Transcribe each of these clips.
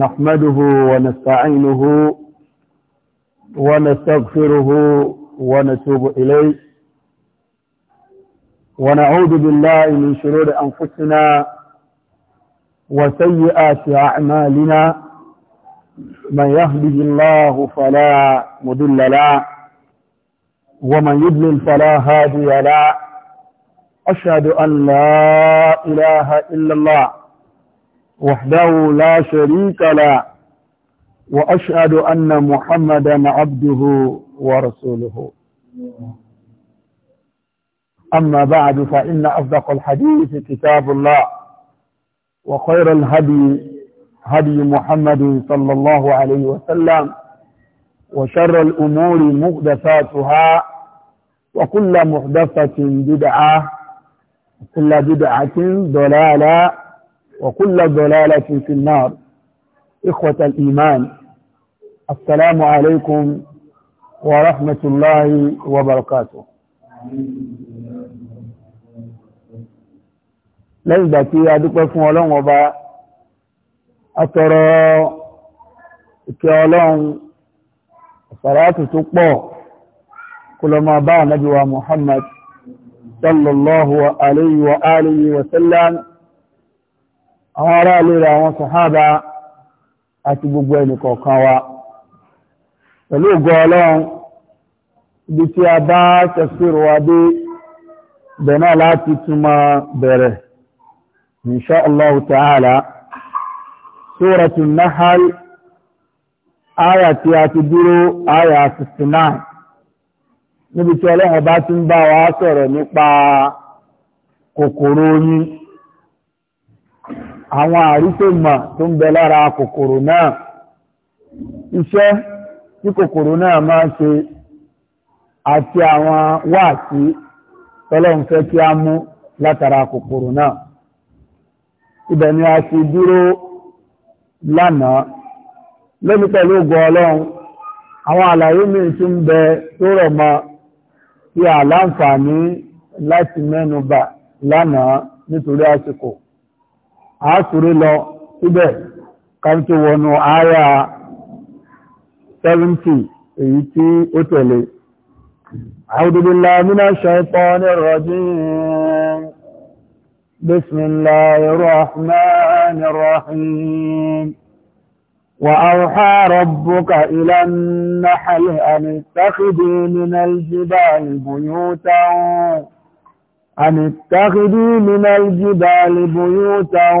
نحمده ونستعينه ونستغفره ونتوب إليه ونعوذ بالله من شرور أنفسنا وسيئات أعمالنا من يهده الله فلا مضل له ومن يضلل فلا هادي له أشهد أن لا إله إلا الله وحده لا شريك له وأشهد أن محمدا عبده ورسوله أما بعد فإن أصدق الحديث كتاب الله وخير الهدي هدي محمد صلى الله عليه وسلم وشر الأمور مقدساتها وكل محدثة بدعة كل بدعة ضلالة وكل ضلالة في النار إخوة الإيمان السلام عليكم ورحمة الله وبركاته لن ذاتي أدوك بسم الله وبا أترى كيالون صلاة تقبو كل ما با نبي محمد صلى الله عليه وآله وسلم àwọn ará ilé rẹ̀ àwọn àti gbogbo ẹnìkọ̀ọ̀kan wa pẹ̀lú ògùn ọlọ́run ibi tí a bá tafsir wa dé bẹ̀ náà láti bẹ̀rẹ̀ Allah ta'ala suratul Nahl aya tí a ti dúró aya 69 níbi tí ọlọ́run bá ti ń bá wa sọ̀rọ̀ nípa àwọn àrítòmà tó ń bẹ lára kòkòrò náà iṣẹ́ tí kòkòrò náà máa ṣe àti àwọn wáàsí tọ́lọ́nfẹ́ kí a mú látara kòkòrò náà ibẹ̀ ni a fi dúró lánàá lónìí pẹ̀lú ọlọ́run àwọn àlàyé àásùrí lọ síbẹ̀ káàkiri wọnú àyà 70 èyí tí ó tẹ̀lé أعوذ بالله من الشيطان الرجيم بسم الله الرحمن الرحيم وأوحى ربك إلى النحل أن اتخذي من الجبال بيوتا أن اتخذوا من الجبال بيوتا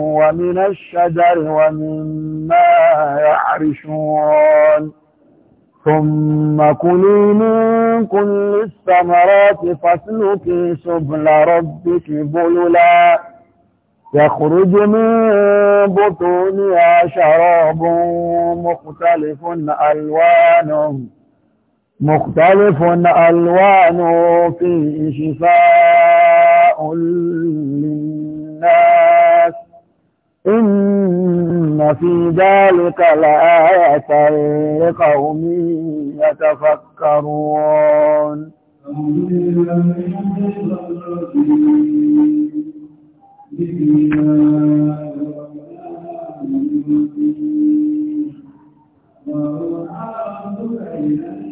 ومن الشجر ومما يعرشون ثم كلوا من كل الثمرات فاسلكي سبل ربك بيلا يخرج من بطونها شراب مختلف ألوانه مختلف ألوانه فيه شفاء للناس إن في ذلك لآية لقوم يتفكرون Thank you.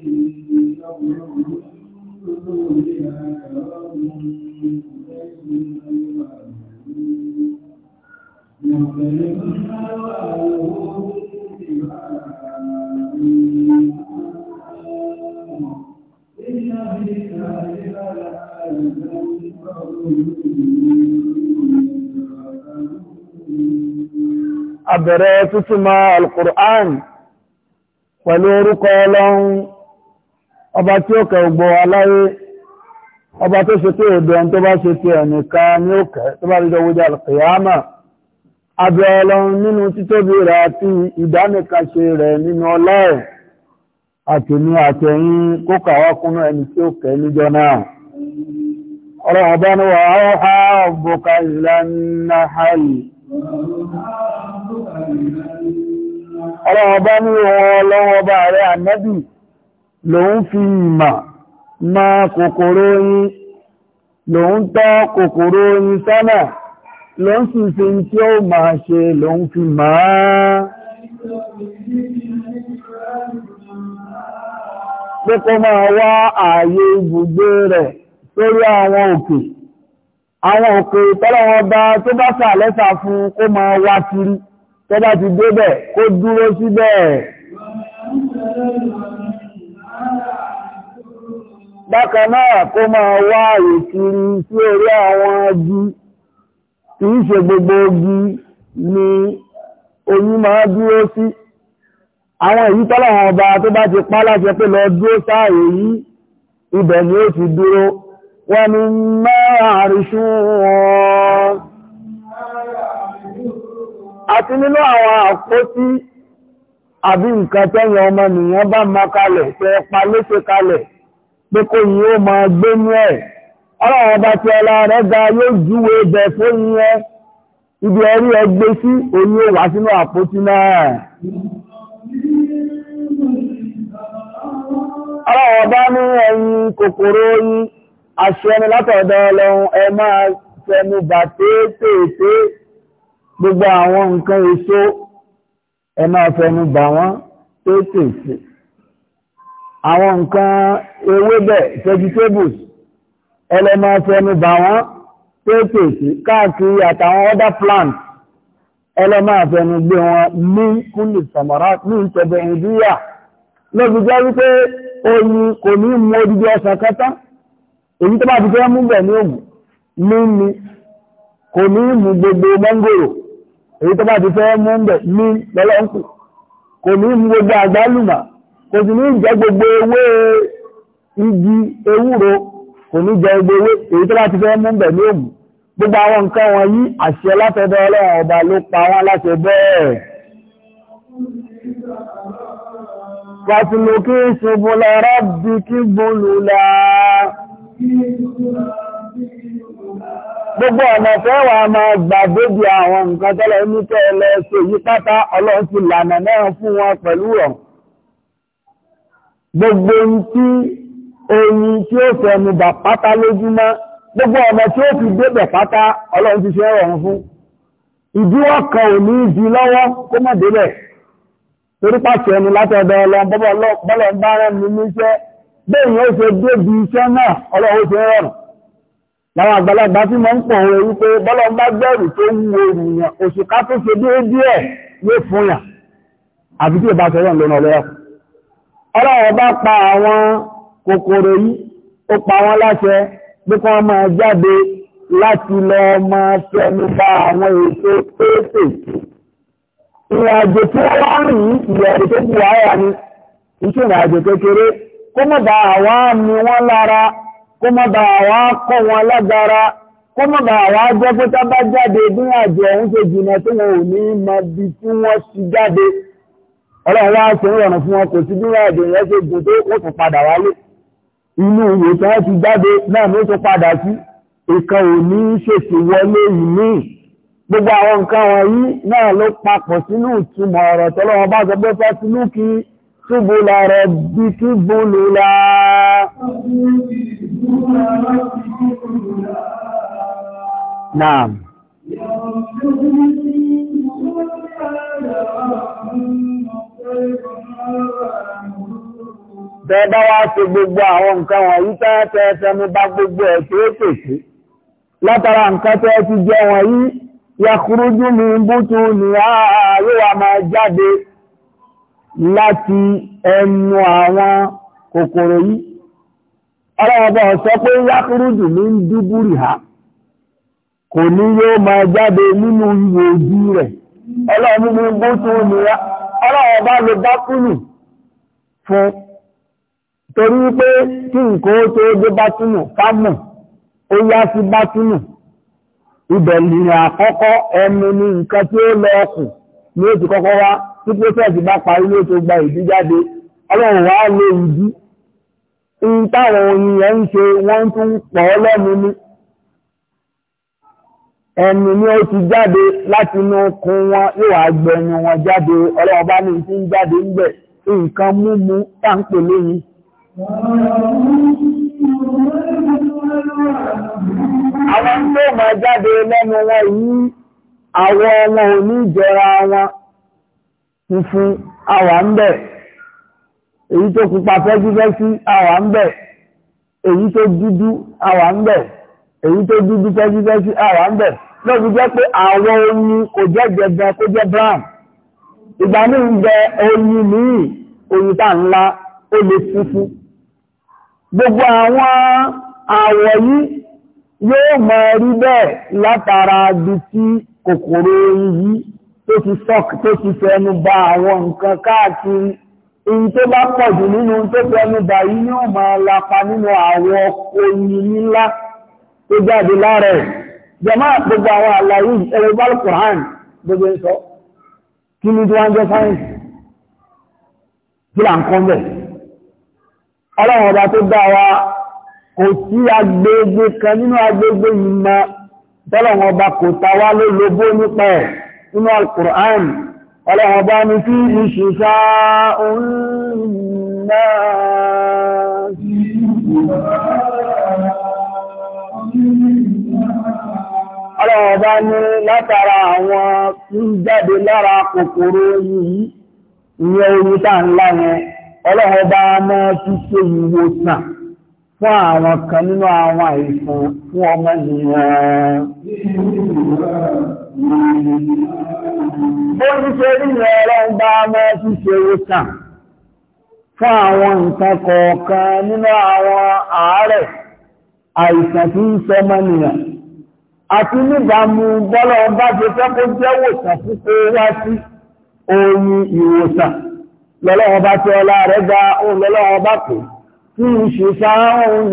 Àbẹ̀rẹ̀ tútù máa Al-Qur'an pẹ̀lú orúkọ ọlọ́run ọba tí ó kẹ ọgbọ aláyé ọba tó ṣe pé èdè ẹni tó bá ṣe ti ní òkè tó bá ríjọ wójá kìyàmà abẹ ọlọ́run nínú títóbi rẹ̀ àti ìdánìkanṣe rẹ̀ nínú ọlá ẹ̀ àtèmi kó kàwákúnú ẹni tí ó kẹ níjọ náà ọba lòun fi ìmà ma kòkòrò oyin lòun tọ́ kòkòrò oyin sọ́nà lòun sì fi tí ó máa ṣe lòun fi máa pé kó máa wá ààyè ibùgbé rẹ̀ sórí àwọn òkè àwọn òkè tọ́lọ́wọ́ bá tó bá sà fún kó máa wá kiri tó bá ti débẹ̀ kó dúró síbẹ̀ bákan náà kó máa wá ìkiri sí orí àwọn agi kì í ṣe gbogbo igi ni oyún máa dúró sí àwọn èyí tọ́lọ̀wọ̀n ọba tó bá ti pa láṣẹ pé lọ dúró sáàyè yìí ibẹ̀ ni ó ti dúró wọ́n ni mẹ́rin ṣún àti nínú àwọn àpótí àbí nǹkan tẹ́yìn ọmọ nìyàn bá ma kalẹ̀ tẹ́ pa léṣe kalẹ̀ pé kó yìí ó máa gbé ní ẹ̀ ọlọ́run ọba tí ọlá rẹ̀ ga yóò júwe bẹ̀ fún yẹn ibi ẹ̀rí ẹ gbé sí òun ó wà sínú àpótí náà ọlọ́run ọba ní ẹ̀yin kòkòrò yín àṣẹ ni látọ̀dọ̀ ọlọ́run ẹ máa fẹnu bà téètéèté gbogbo àwọn nǹkan èso ẹ máa fẹnu bà wọ́n téètéèté àwọn nǹkan ewébẹ̀ vegetables ẹlẹ́mọ fẹnubà wọn pépèsè káàkiri àtàwọn other plants ẹlẹ́mọ fẹnu gbé wọn ní kúlù samara ní ìtẹ̀bẹ̀ ìdíyà lọ́bi jẹ́ wípé oyin kò ní mú odidi ọsàn kẹta èyí tó bá ti fẹ́ mú bẹ̀ ní òmù ní ni kò ní mú gbogbo mọ́ngòrò èyí tó bá ti fẹ́ mú bẹ̀ ní lọ́lọ́ǹkù kò ní mú gbogbo àgbálùmọ̀ kò sì ní jẹ gbogbo ewé igi ewúro kò ní jẹ gbogbo ewé èyí tó láti fẹ́ mú bẹ̀ ní òmù gbogbo àwọn nǹkan wọn yí àṣẹ látọ̀dọ̀ ọlọ́run ọba ló pa wọ́n láṣẹ bẹ́ẹ̀ Fàtìlòkí ṣubú lára bí kí gbólù láà. Gbogbo ọ̀nà fẹ́wà máa gbà débi àwọn nǹkan tẹ́lẹ̀ ní tẹ́lẹ̀ ṣe yí pátá ọlọ́run ti lànà náà fún wọn pẹ̀lú ọ̀rọ̀. gbogbo ń tí oyin tí ó fẹnu bà pátá lójúmọ́ gbogbo ọmọ tí ó fi débẹ̀ pátá ọlọ́run ti ṣe ẹ̀rọ̀ fún ìdíwọ́ kan ò ní ìdí lọ́wọ́ kó má débẹ̀ torí pàṣẹ ẹnu ọlọ́run ń bá rẹ̀ mi níṣẹ́ bẹ́ẹ̀ yóò ṣe iṣẹ́ náà ọlọ́run bá pa àwọn kòkòrò yìí ó pa wọ́n láṣẹ bí kí wọ́n máa jáde láti lọ máa fẹnu ba àwọn èso pépè ìrìn àjò tí wọ́n wá rìn yìí ìyẹ̀rì tó bu àyà ni iṣẹ́ ìrìn àjò kékeré kó má ba àwa mi wọ́n lára kó má ba àwa kọ́ wọn lágbára kó má ba àwa jẹ́ pé tá bá jáde bí àjò ọ̀hún ṣe jìnnà tí wọn ò ní mọ ibi tí wọ́n ti jáde. ọlọ́run wá ṣe ń fún wọn kò sí bí wọ́n ẹ̀dùn yẹn ṣe gùn tó ó tún padà wálé inú ìwé tí wọ́n ti jáde náà ló tún padà sí ìkan ò ní ṣèṣì wọlé ìmí gbogbo àwọn nǹkan wọ̀nyí náà ló papọ̀ sínú ìtumọ̀ ọ̀rọ̀ tọ́lọ́wọ́n bá sọ pé fásitì túbú làrọ̀ bí túbú lula. Naam. Tẹ́ bá wá ṣe gbogbo àwọn nǹkan wọ̀nyí tẹ́ẹ̀tẹ́ ẹ̀fẹ́mú gbogbo ẹ̀ tí pèsè. Látara nǹkan tẹ́ ti jẹ wọ̀nyí, yàkúrújú mi bútu ní ààrùwà máa jáde láti ẹnu àwọn kòkòrò yìí. Ọlọ́wọ́bọ̀ sọ pé yàkúrújú mi ha. Kò ní yóò máa jáde nínú ìwòjú rẹ̀. mi bútu ní ọlọ́wọ́ bá lo fún torí pé kí nǹkan ó tó dé bátúlù fámù ó yá sí bátúlù ibẹ̀ nìyà àkọ́kọ́ ẹnu nǹkan tí ó lọ ọkù ní ti kọ́kọ́ wá tí pọ́sẹ̀sì bá parí ló tó gba ìdí jáde ọlọ́run wá lé ìdí ń táwọn oyin ń ṣe ẹnu ni ó ti jáde láti inú okun wọn yóò wá gbẹnu wọn jáde ọlọ́wọ́ bá ní ti ń jáde ń bẹ̀ nǹkan múmu táǹpè lóyìn. àwọn tó máa jáde lẹ́nu wọn yìí àwọ̀ wọn ò jẹra wọn funfun àwà ń bẹ̀ èyí tó pupa fẹ́jú fẹ́ sí àwà ń bẹ̀ èyí tó dúdú àwà ń bẹ̀ èyí tó dúdú fẹ́sífẹ́sí àwà ń bẹ̀ lọ́bí jẹ́ pé àwọn oyin kò jẹ́ jẹjẹ kó jẹ́ brown ìgbà ní ìgbẹ́ oyin míì oyin tá ńlá ó lè funfun gbogbo àwọn àwọ̀ yìí yóò mọ̀ rí bẹ́ẹ̀ látara bí tí kòkòrò oyin yìí tó ti sọ́k tó ti fẹnu ba àwọn nǹkan káàkiri èyí tó bá pọ̀jù nínú tó fẹnu bà yìí yóò máa lapa nínú àwọn oyin ńlá tó jáde láàrẹ̀ jẹmọ́ gbogbo àwọn àlàyé ẹgbẹ́gbàl Qur'an gbogbo ń sọ kí ní wọ́n jẹ́ sáyẹ̀nsì kí là ń kọ́ bẹ̀ ọlọ́run ọba tó dá wa kò sí agbègbè kan nínú agbègbè yìí mọ́ ọba kò ta wá lólobó nípa ẹ̀ nínú al-Qur'an ọlọ́run ọba ní kí ìṣìṣà òun náà ọlọ́wọ́ bá ní látara àwọn ń jáde lára kòkòrò yìí ìyẹn orí tá ńlá yẹn bá mọ́ tí ṣe fún àwọn kan nínú àwọn àìsàn fún ọmọ nìyàn fún àwọn nǹkan kọ̀ọ̀kan nínú àwọn àìsàn tí ń nìyàn àti níbàámu bọ́lá ọba ṣe fẹ́ kó jẹ́ wòsàn púpọ̀ wá sí oyin ìwòsàn lọ́lọ́wọ́ bá tí ọlá rẹ̀ gba ohun ṣe sáhùn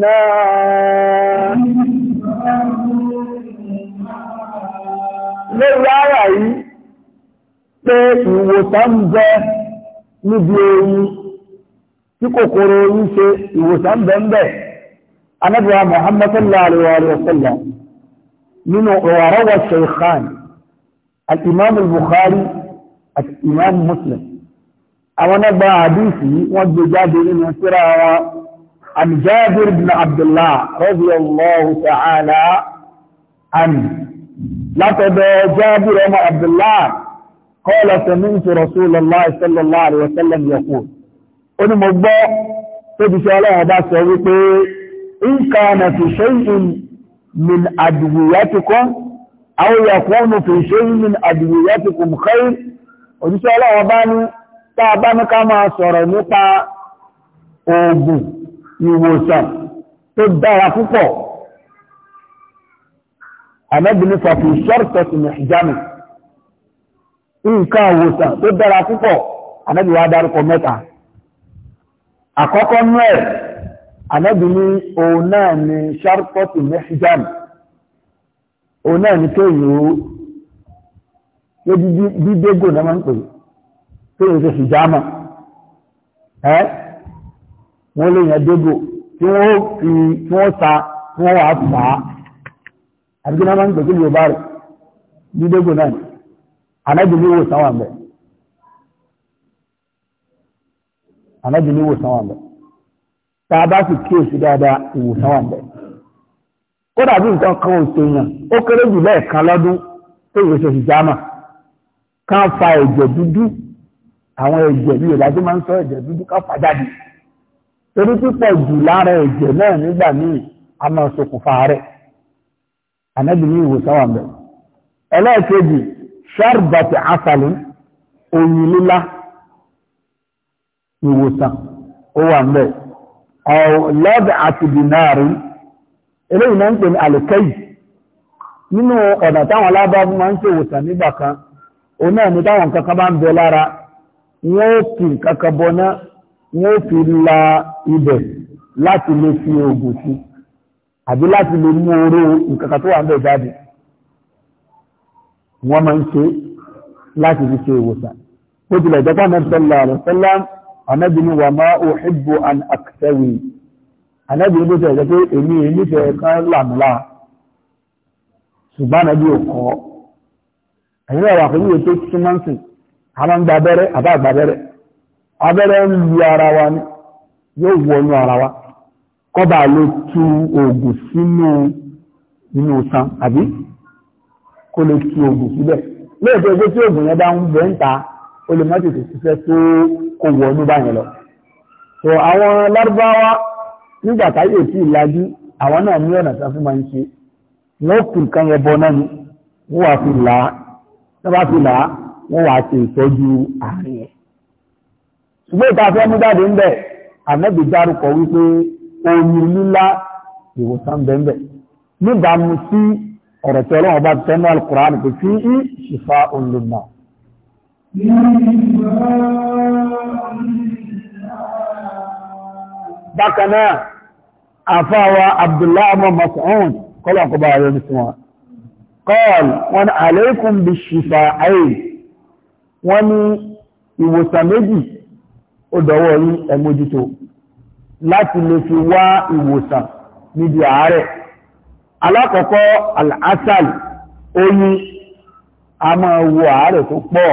lè lórí ara yìí pé ìwòsàn ń níbi nínú ọ̀rọ̀wọ̀ ṣeikhan al'imamu bukhari àti imamu muslim àwọn ẹgbà àdísì wọ́n gbé jáde nínú síra wa an jabir bin abdullah radiyallahu ta'ala an látọ̀dọ̀ jabir ọmọ abdullah qala sami'tu rasulullah sallallahu alaihi wasallam yaqul ó ní mo gbọ́ tó bí ṣe ọlọ́run bá sọ wípé in kana fi shay'in من أدويتكم أو يكون في شيء من أدويتكم خير òjíṣẹ́ ọlọ́wọ́ bá ní táa bá ní ká máa sọ̀rọ̀ nípa oògùn ìwòsàn tó dára púpọ̀ àmẹ́bìnrin fàfí ṣọ́rọ̀tọ̀sì ìjánu nǹkan ìwòsàn tó dára púpọ̀ àmẹ́bìnrin wá dárúkọ mẹ́ta àkọ́kọ́ náà Ànábì ní òun náà ni sharpoti mehjam òun náà ni kéèyàn ó pé dídégò náà máa ń pè kéèyàn ṣe hijama ẹ́ wọ́n lè yàn dégò tí wọ́n fi tí wọ́n ta tí wọ́n wà fà á àbíkí náà máa ń pè kí Yorùbá rẹ̀ dídégò náà ni Ànábì ní ìwòsàn wà mẹ́ Ànábì ní ìwòsàn wà mẹ́ tá a bá sì kíyèsí dáadáa ìwòsàn wà bẹ́ẹ̀. kódà bí nǹkan kan ò ṣèyàn ó kéré jù lẹ́ẹ̀kan lọ́dún tó ìwé ṣe ṣìjáàmà kan fa ẹ̀jẹ̀ dúdú àwọn ẹ̀jẹ̀ bí ìdájọ́ máa ń sọ ẹ̀jẹ̀ dúdú ká fà jáde torí pípọ̀ jù lára ẹ̀jẹ̀ náà nígbà míì a máa ṣokùnfà rẹ̀ ànábì ní ìwòsàn wà bẹ́ẹ̀. ẹlẹ́ẹ̀kejì ṣárbàtì asalin oyin ìwòsàn ó wà bẹ́ẹ̀ ọ̀lọ́dẹ̀ àti dìnàrí eléyìí náà ń pè ní àlùkẹ́yì nínú ọ̀nà táwọn alábábú máa ń ṣe òwòsàn nígbà kan òun náà ní táwọn kankan bá ń bẹ lára wọ́n ó fi kankan bọná wọ́n ó fi la ibẹ̀ láti lè fi oògùn sí àbí láti lè mú oró nǹkan tó wà ń bẹ̀ jáde wọ́n máa ń ṣe láti fi ṣe òwòsàn anábì ní wà máa ò hìbò an àkẹ́wì anábì ní bóṣe ẹ̀jẹ̀ pé èmi nífẹ̀ẹ́ kan làmúlà ṣùgbọ́n anábì ò kọ́ ẹ̀yìn náà wà pẹ̀lú ètò túmọ̀ǹsì àwọn gba abẹ́rẹ́ àbá àgbà abẹ́rẹ́ abẹ́rẹ́ ń lu ara wa ní yóò wọnú ara wa kọ́bà ló tu oògùn sínú inú san àbí kó lè tu oògùn síbẹ̀ lóòótọ́ ẹgbẹ́ oògùn yẹn bá ń bẹ̀ ń ta ó lè má tètè ṣiṣẹ́ tó kò wọ ní báyìí lọ so àwọn lárúbáwá nígbà táyé tí ìlàjú àwọn náà ní ọ̀nà tó fún máa ń ṣe wọ́n kù nǹkan yẹn bọ náà ni wọ́n wá fi là á tó bá fi là á wọ́n wá ṣe ìtọ́jú àárín ẹ̀ ṣùgbọ́n ìta fẹ́ mú jáde ń bẹ̀ dárúkọ wípé omi lílá ìwòsàn bẹ́ẹ̀ níbàámu sí ọ̀rọ̀ tí ọlọ́run ọba ti alukura àdìpẹ́ fi í ṣìfà olùmọ̀ Bákan náà, àfáwa Abdullahi Mas'ud kọ́lọ̀ kọ bá yóò sí wọn. Kọ́ọ̀lù wọn alaykum bí ṣìfà ayé wọ́n ní ìwòsàn méjì ó yí ẹmójútó láti lè fi wá ìwòsàn níbi Alákọ̀ọ́kọ́ al'asal oyin a máa wo àárẹ̀ tó pọ̀.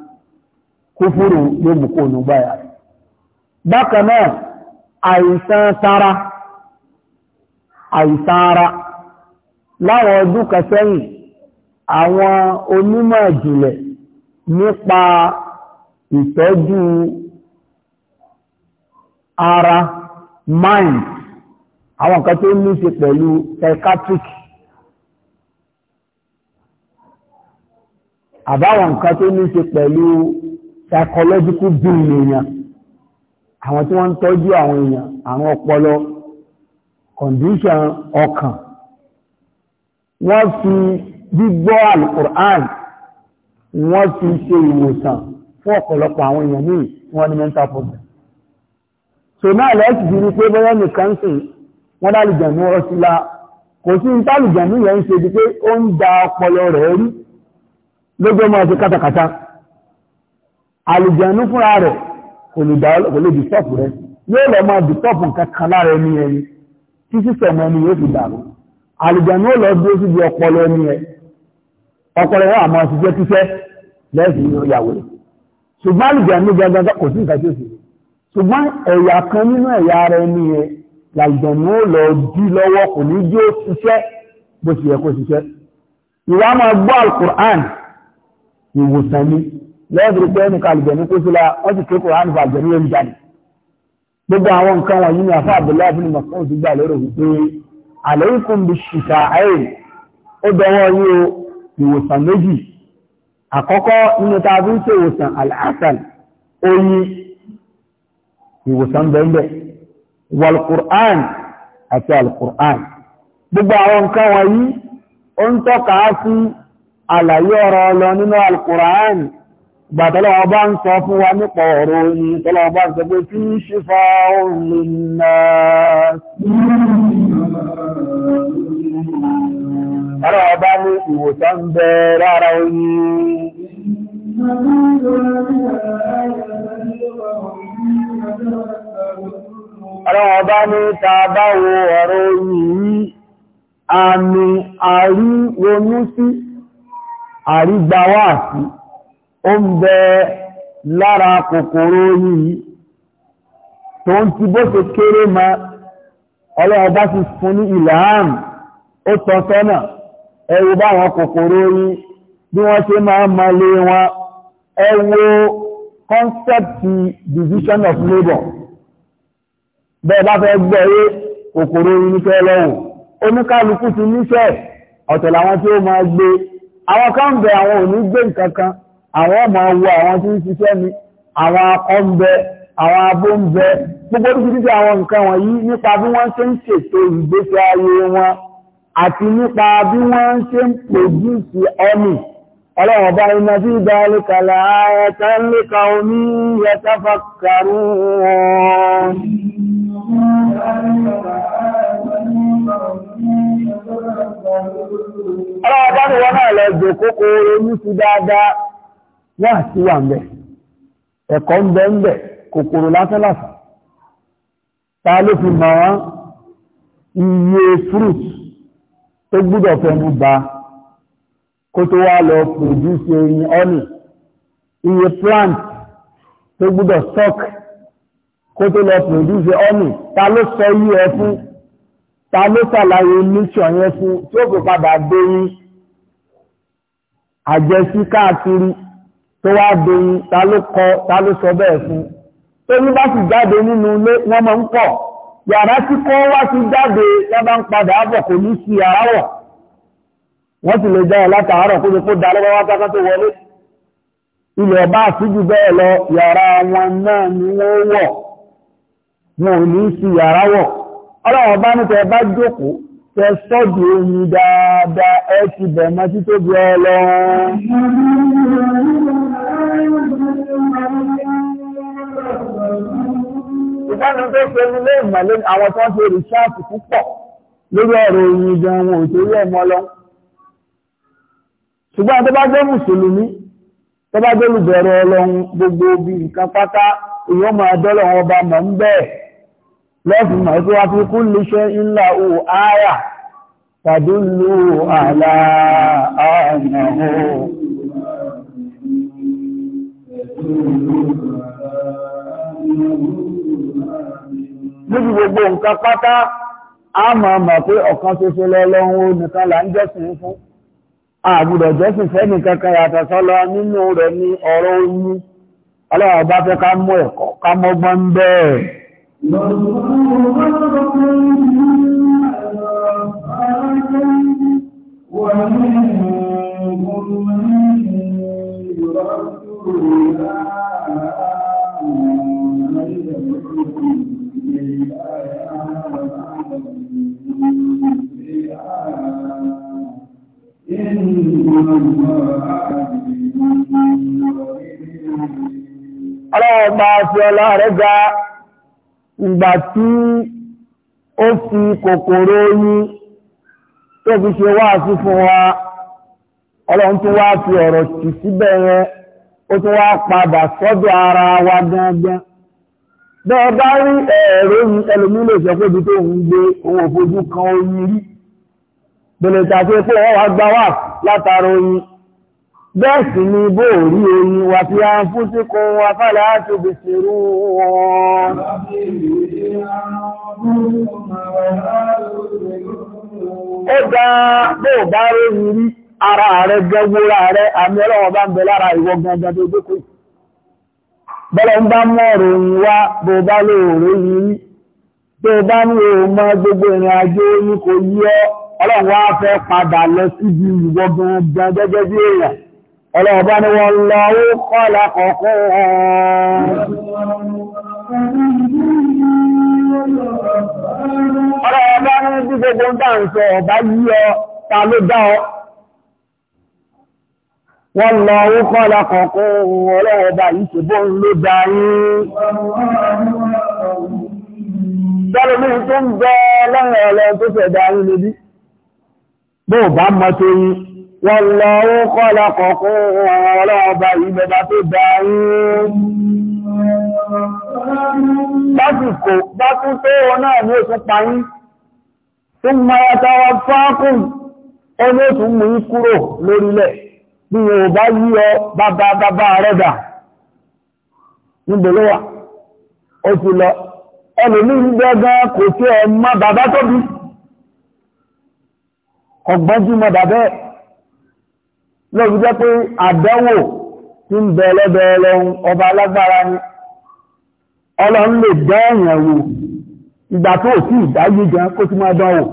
kúfúrù yóò mú kó nùgbáyà bákan náà àìsàn tara àìsàn ara láwọn ọdún kan sẹ́yìn àwọn onímọ̀ ìjìnlẹ̀ nípa ìtọ́jú ara mind àwọn nǹkan tó ní ṣe pẹ̀lú psychiatric àbáwọn nǹkan tó ní ṣe pẹ̀lú psychological being èèyàn àwọn tí wọ́n ń tọ́jú àwọn èèyàn àwọn ọpọlọ condition ọkàn wọ́n fi gbígbọ́ alukur'an wọ́n fi ṣe ìwòsàn fún ọ̀pọ̀lọpọ̀ àwọn èèyàn ní wọ́n ní mental problem so náà lẹ́ẹ̀sì ti rí pé bọ́yọ́ nìkan sì wọ́n dálùjẹ̀ ní ọ̀rọ̀ sílá kò sí ìtàlùjẹ̀ ní ń ṣe di pé ó ń da ọpọlọ rẹ̀ rí lójọ́ mọ́ kátàkátà àlùjẹ̀nú fúnra rẹ̀ kò lè dìtọ́pù rẹ̀ yóò lọ máa dìtọ́pù nǹkan kan lára ẹni ẹni tí sísẹ̀mù ẹni yóò fi dàrú àlùjẹ̀nú ó lọ dúró síbi ọpọlọ ẹni ẹ ọpọlọ wọn àmọ́ ṣiṣẹ́ kíṣẹ́ lẹ́sìn ìyàwó ṣùgbọ́n àlùjẹ̀nú gangan kò sí nǹkan tí ó lẹ́ẹ̀dì pé ẹnì kàlùjẹ̀ní kó síla wọ́n sì kéèkó hàn fà jẹ̀ní lórí jáde gbogbo àwọn nǹkan wọ̀nyí ni àfa Abdullahi bin Mas'ud wípé bí ṣìṣà ayé ó o ìwòsàn méjì àkọ́kọ́ nínú tá a fi ń ṣe ìwòsàn ìwòsàn bẹ́ẹ̀ al gbogbo àwọn nǹkan wọ̀nyí ó ń tọ́ka àlàyé ọ̀rọ̀ al gbàtọ́lọ́wọ́ bá ń sọ fún wa nípa ọ̀rọ̀ oyin tọ́lọ́wọ́ bá ń sọ pé tí ṣífà orin náà ọlọ́wọ́ ní ìwòsàn bẹ lára oyin ọlọ́wọ́ ní ta ọ̀rọ̀ oyin ó ń bẹ lára kòkòrò yìí tó ń ti bó ṣe kéré ma ọlọ́wọ́ bá ti fún ní ìlàám ó tọ́ sọ́nà ẹwọ kòkòrò yìí bí wọ́n ṣe máa ma lè wọn concept division of labour bẹ́ẹ̀ bá fẹ́ gbẹ̀rẹ́ kòkòrò yìí ní lọ́wọ́ oníkálukú ti níṣẹ́ ọ̀tọ̀ làwọn tí ó máa gbé àwọn kan bẹ̀ àwọn gbé nǹkan kan àwọn ọmọ wo àwọn tí ń ṣiṣẹ́ ni àwọn akọ ń bẹ àwọn abó ń bẹ gbogbo oríṣiríṣi àwọn nǹkan wọ̀nyí nípa bí wọ́n ṣe ń ṣètò ìgbésí ayé wọn àti nípa bí wọ́n ṣe ń pòdúsì ọ́nì ọlọ́wọ̀n bá iná ka omi ẹ̀ta fàkàrù wọn ọlọ́wọ̀n bá ní wọ́n náà lọ jẹ́ kókó orí sí dáadáa wá sí wà ń bẹ̀ ẹ̀kọ́ ń bẹ ń bẹ̀ kòkòrò ta ló fi mọ̀ iye fruit tó gbúdọ̀ fẹnu ba kó tó wá lọ pòdúsì oyin ọ́nì iye plant tó gbúdọ̀ stock kó tó lọ pòdúsì ọ́nì ta ló sọ yí ẹ fún ta ló ṣàlàyé níṣọ̀ yẹn fún tí ó kò padà dé àjẹsí tó wá doyin bẹ́ẹ̀ fún tó ní bá sì jáde nínú ilé wọ́n ń pọ̀ yàrá tí kọ́ wá sí jáde lábá ń padà kò ní sí yàrá wọ̀ wọ́n sì lè jẹun látàárọ̀ kó lè kó wọlé tẹ sọ́dù omi dáadáa bẹ̀rẹ̀ ìdáná tó ṣe ní ilé ìmọ̀lẹ́ àwọn tó ń ṣe rìṣáàtì púpọ̀ lórí ọ̀rọ̀ òyìn gan wọn ò torí ẹ̀mọ́ lọ. ṣùgbọ́n tó bá jẹ́ mùsùlùmí tó bá jẹ́ olùbẹ̀rẹ̀ ọlọ́run gbogbo bí nǹkan pátá èèyàn máa dọ́lọ̀ wọn bá mọ̀ ń bẹ́ẹ̀ lọ́sùn mọ̀ tó wá fi kú léṣẹ́ ńlá o áyà tàbí lu àlà ààrùn Thank you níbi gbogbo nǹkan pátá a máa mọ̀ pé ọ̀kan ṣoṣo lọ́lọ́run ó nìkan là ń jọ́sìn fún àgùdọ̀ jọ́sìn fẹ́ni kankan yàtọ̀ sọ́lọ nínú rẹ̀ ní ọ̀rọ̀ oyin ọlọ́wọ́ bá fẹ́ ká mú ẹ̀kọ́ ká mọ́gbọ́n bẹ́ẹ̀ ومنهم ọlá rẹ̀ ga ìgbà tí ó fi kòkòrò oyin tó fi ṣe wáàsí fún wa ọlọ́run tún wá fi ọ̀rọ̀ tì síbẹ̀ yẹn ó tún wá padà sọ́dọ̀ ara wa gángan bẹ́ẹ̀ bá rí ẹ̀rọ ẹlòmíì lè sọ pé tó ń gbé òun òfojú kan oyin rí bẹ̀lẹ̀ tàbí pé wọ́n wá gbá wà látara oyin bẹ́ẹ̀ sì ni bó rí wà a ń fún sí kun wa fàlẹ̀ àti òbìsìrú wọn. ara rẹ̀ gẹ́gbóra rẹ̀ àmì ọlọ́wọ́ bá ń bẹ lára ìwọ gangan tó ń bá wá bó bá rí tó bá ní gbogbo ìrìn àjò fẹ́ padà lọ síbi ìwọ ọlọ́ọ̀bá ni wọ́n lọ ó kọ́lá ọ̀kún ọlọ́ọ̀bá ní tí gbogbo ń dáa ń sọ ọ̀bá yí ọ ta ló dá ọ wọ́n lọ ó kọ́lá ọ̀kún ọlọ́ọ̀bá yìí ṣe bó ń ló dá yín Bẹ́lúmí tó ń gbọ́ lọ́rọ̀ ọlọ́ tó fẹ̀dá yín lóbi, bó bá mọ́ tó yín, wọ́n lọ ó kọ́lá kọ̀kún ọlọ́ọba ìbẹ̀bà tó dáyé bá tún tó náà ní oṣù payín tó mara tàwà fákùn ẹni oṣù mú í kúrò lórílẹ̀ bí yóò bá yí ọ bàbá bàbá rẹ̀dà níbòlówà ó ti lọ lọ́wọ́ jẹ́ pé àdánwò tí ń bẹ lọ́dọ̀ ọlọ́run ọba alágbára ni ọlọ́run lè dẹ́ẹ̀yàn wò ìgbà tó sí ìdáyé gan kó tí máa dánwò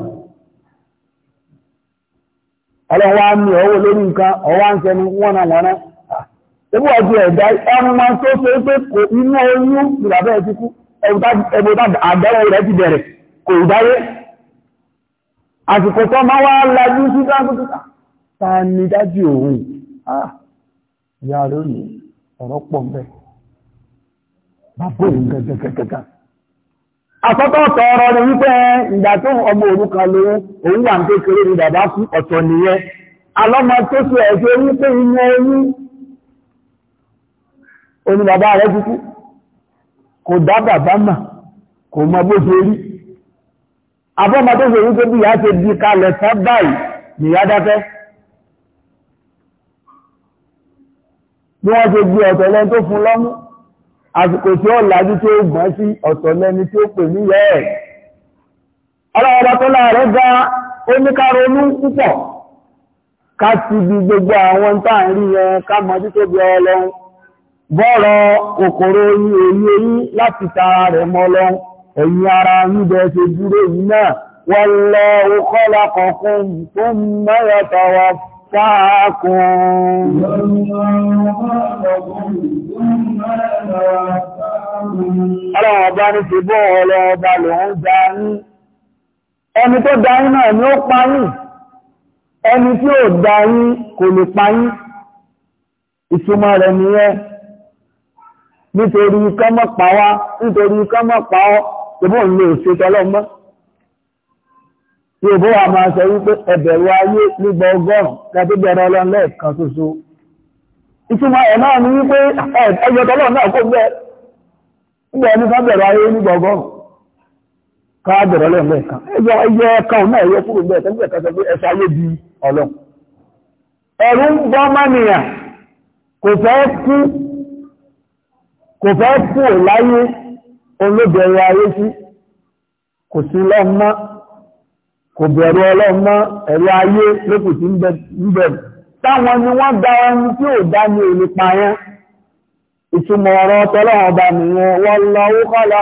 ọlọ́run wá ní ọwọ́ lórí nǹkan ọwá ń sẹnu wọ́nàwọ́nà ebú ọjọ́ ẹ̀dá ọmọ tó ṣe pé kò inú oyún ìlàbẹ́ ti kú ta ni dájú òun ah, ìyá rẹ̀ ní ọ̀rọ̀ pọ̀ mẹ́ bàbá òun gẹ́gẹ́gẹ́gẹ́gẹ́ ọ̀tọ̀ ọ̀rọ̀ rẹ̀ wípé ìgbà ọmọ òrukàn lòun òun wà ń kékeré ni bàbá fún ọ̀tọ̀ nìyẹn alọ́mọ tó ṣe ẹ̀ṣẹ́ wípé inú oyún oní bàbá rẹ̀ kúkú kò dá bàbá mà kò bí wọ́n ṣe gbé ọ̀tọ̀ lẹ́ni tó fún lọ́mú àsìkò tí ó làjú tí ó gbọ́n sí ọ̀tọ̀ lẹ́ni tí ó pè ní yẹ́ ẹ̀ ọlọ́ọ̀bá tó láàrẹ́ ga oníkàrọ̀nú púpọ̀ ká ti bí gbogbo àwọn táàrí yẹn ká mọ tító bí ọlọ́run bọ́ọ̀rọ̀ kòkòrò oyin èyí eyín láti tara rẹ̀ mọ́ lọ́n ẹ̀yìn ara yín bẹ́ẹ̀ ṣe dúró yìí náà wọ́n lọ kọ́lá kọ̀ọ̀kan tó mẹ́rẹ̀ tọwọ́ وَمَوَفَّاكُمْ Ọlọ́run ọba ní ti bọ́ ọlọ́ ọba lòun dá ní. Ẹni tó dá yín náà ni ó pa yín. Ẹni tí ó dá yín kò lè pa Ìtumọ̀ rẹ̀ nìyẹn. Nítorí nítorí tí òbó wa máa sọ wípé ẹbẹ̀rù ayé nígbà ọgọ́rùn láti bẹ̀rẹ̀ ọlọ́run lẹ́ẹ̀kan ṣoṣo ìtumọ̀ ẹ̀ náà ni wípé ẹjọ́ tọ́lọ́run náà kó bẹ́ẹ̀ nígbà ẹni kan bẹ̀rẹ̀ ayé nígbà ọgọ́rùn ká bẹ̀rẹ̀ ọlọ́run lẹ́ẹ̀kan ẹjọ́ ẹyẹ kan náà ẹyẹ kúrò bẹ́ẹ̀ tẹ́lẹ̀ kan sọ pé ẹ̀ṣẹ̀ ayé di ọlọ́run ẹ̀rù ń bọ́ mánìyàn kò fẹ́ kú kò fẹ́ kò bẹ̀rù ọlọ́run mọ́ ẹ̀rù ayé lókù tí ń bẹ̀rù táwọn ni wọ́n dá ẹni tí ò dá ní olùpa yẹn ìtumọ̀ ọ̀rọ̀ tọ́lọ́run ọba wọ́n lọ ó kọ́lá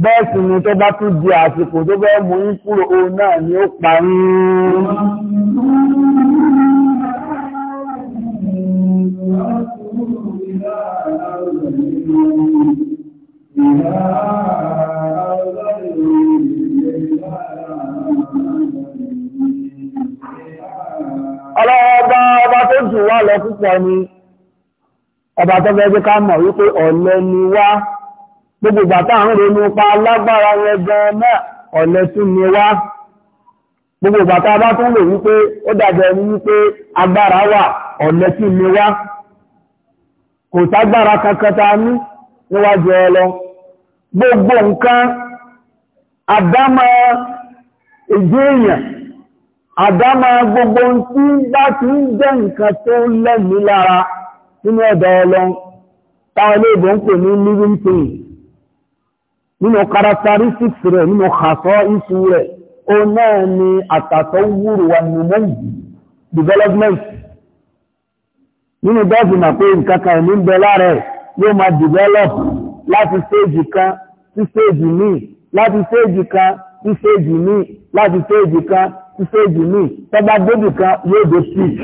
bẹ́ẹ̀sì ni tó bá tún di àsìkò tó bẹ́ mú ń kúrò o náà ni ó parí ọlọ́ọba ọba tó jù wá lọ púpọ̀ ni ọba tó bẹ́ẹ̀ ká mọ̀ wípé ọ̀lẹ wá gbogbo ìgbàtà ń ronú pa lágbára rẹ gan náà ọ̀lẹ́ tún ni wá gbogbo ìgbàtà bá tún lè wípé ó dàbẹ̀ ní wípé agbára wà ọ̀lẹ́ tún ni wá kò ságbára kankan ta ní níwájú ẹ lọ gbogbo nǹkan àdámọ́ ìjú èèyàn àdámọ́ gbogbo tí bá ti ń jẹ́ nǹkan tó lẹ́mìí lára nínú ẹ̀dọ̀ ọlọ́run táwọn ilé ìbò ń pè ní living things nínú characteristics rẹ̀ nínú àṣọ isu rẹ̀ ó náà ni àtàtọ̀ wúrù wa nínú development nínú dọ́ọ̀dù mà pé nǹkan kan ní bẹ lára ẹ̀ yóò máa develop láti stage kan sí stage míì láti stage kan sí stage míì láti stage kan sí stage míì tọ́ba débì kan yóò dé peak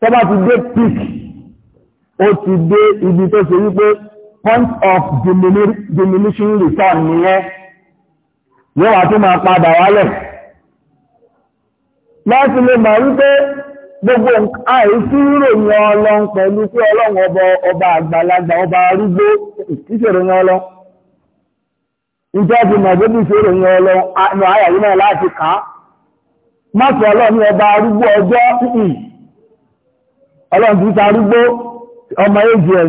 tọ́ba ti dé peak ó ti dé ibi tó ṣe wípé point of diminishing return nìyẹn yóò wá tó máa padà wálẹ̀ láti lè mọ̀ wípé gbogbo àìsí ìròyìn ọlọ́run pẹ̀lú pé ọlọ́run ọba ọba àgbàlagbà ọba arúgbó isere ọlọ́run ìjọba ìmọ̀ tó bí ìṣèròyìn ọlọ́run àmì náà láti kà ọba arúgbó ọjọ́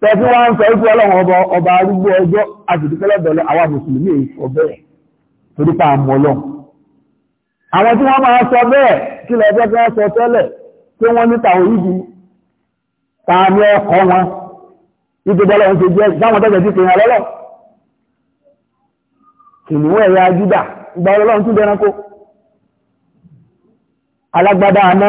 tẹ́fí wá ń sọ ikú ọlọ́run ọba ọba arúgbó ọjọ́ àtìdíkẹ́lẹ́bẹ̀lẹ́ àwọn mùsùlùmí sọ bẹ́ẹ̀ torí pa àmọ́ ọlọ́run àwọn tí wọ́n máa sọ bẹ́ẹ̀ kí lọ jẹ́ kí wọ́n sọ tẹ́lẹ̀ tí wọ́n ní tàwọn ìdí ta ní ọkọ̀ wọn ìdíbọ́lọ́ ń ṣe jẹ́ dáwọn tẹ́jẹ̀ sí kìnnà lọ́lọ́ kìnnìún ẹ̀yà júdà ìgbà ọlọ́run tún dẹranko alágbádá àná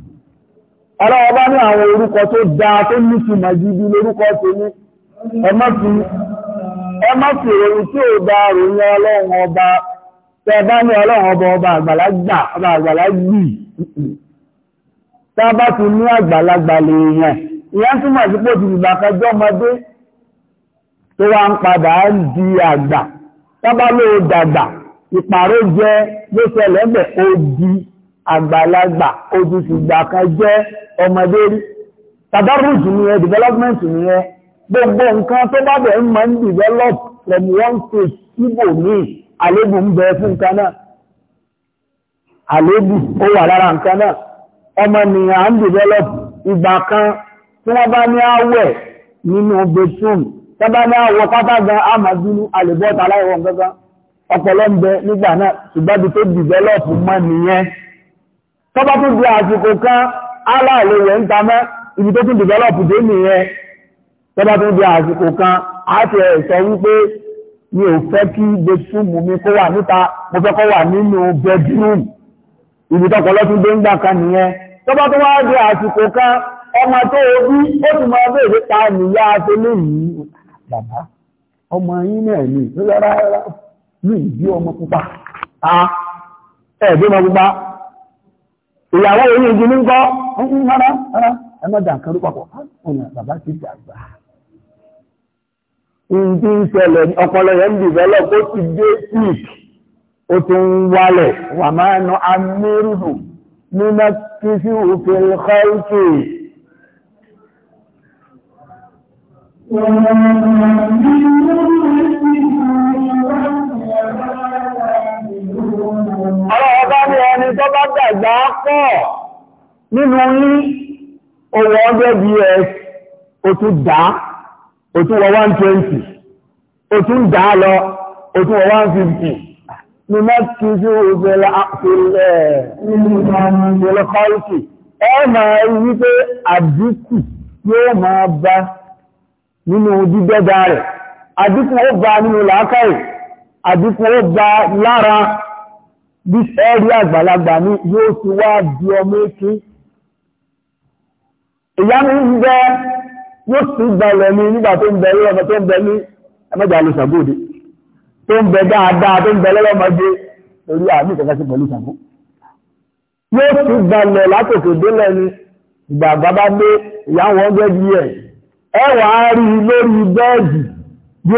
ọlọ́wọ́ bá ní àwọn orúkọ tó dáa tó ní ti màjídí lórúkọ tó ní ẹmọ́ fi ìròyìn tí ó dáa ròyìn ọlọ́run ọba tẹ bá ní ọlọ́run ọba ọba ọba àgbàlagbì tá bá ti ní àgbàlagbà lè yàn ìyẹn sí pé ìgbà di àgbà dàgbà ìpàrọ̀ ló ṣẹlẹ̀ àgbàlagbà ojú ti gbà kan jẹ́ ọmọdé rí tabarruj nìyẹn development nìyẹn gbogbo nǹkan tó bá bẹ̀ ń máa ń develop from one stage síbò míì àlébù ń bẹ fún nǹkan náà àlébù ó wà lára nǹkan náà ọmọnìyàn ń develop ìgbà kan tí wọ́n bá ní àwẹ̀ nínú bedroom tí wọ́n bá ní àwọ̀ pátá gan amàbínú àlébọ́ta láìwọ̀n gangan ọpọlọ ń bẹ nígbà náà ṣùgbọ́n tó develop mọ́ nìyẹn tọ́bá tó di àsìkò kan aláàlẹ́ yẹn ń tamẹ́ ibi tó tún dìbẹ́lọ́pù dé nìyẹn tọ́bá tó di àsìkò kan àti ẹ̀sọ́ wípé mi ò fẹ́ kí bedroom mi kó wà níta mo fẹ́ wà nínú bedroom ibi tọ́kọ̀lọ́ tún dé ń gbà kan nìyẹn tọ́bá tó wá di àsìkò kan ọmọ tó o bí ó sì máa béèrè ta nìyá afẹ́lẹ́ yìí bàbá ọmọ yín náà ni rárá rárá mi ì bí ọmọ pupa ah, ẹ̀ẹ́dẹ́ ọmọ pupa ìyàwó orí igi ní gbọ́ rárá rárá ẹ má dà kan rúpapọ̀ ọ̀nà bàbá ti dàgbà. ìdí ìṣẹ̀lẹ̀ ọpọlọ yẹn ń dìbẹ́lọ̀ ó ti dé sick ó ti ń wálẹ̀ wà máa nu amírùdù nínú kìsì òfin kọ́ńtì. Ọlọ́run ẹni tó bá dàgbà pọ̀ nínú ní owó ọjọ́ bs o tún dá o tún wọ 120 o tún dá lọ o tún wọ 150 ni mọ́tí sí òbẹ̀lẹ̀ àpẹẹlẹ̀ ìlú kọ́lùkì ẹ máa rí wípé àdíkù yóò máa bá nínú dídẹ́gbà rẹ̀ àdíkù ó bá nínú làákàyè àdíkù ó bá lára bí ẹ̀rí àgbàlagbà ní yóò ti wá di ọmọ ékí ìyá mi ń bẹ yóò sì gbalẹ̀ ní nígbà tó ń bẹ lọ́mọ tó ń bẹ ní ẹmẹ́jà lè ṣàgbóde tó ń bẹ dáadáa tó ń bẹ lọ́mọdé lórí àmì ìkẹ́kẹ́ sí pẹ̀lú ìṣàgbó yóò sì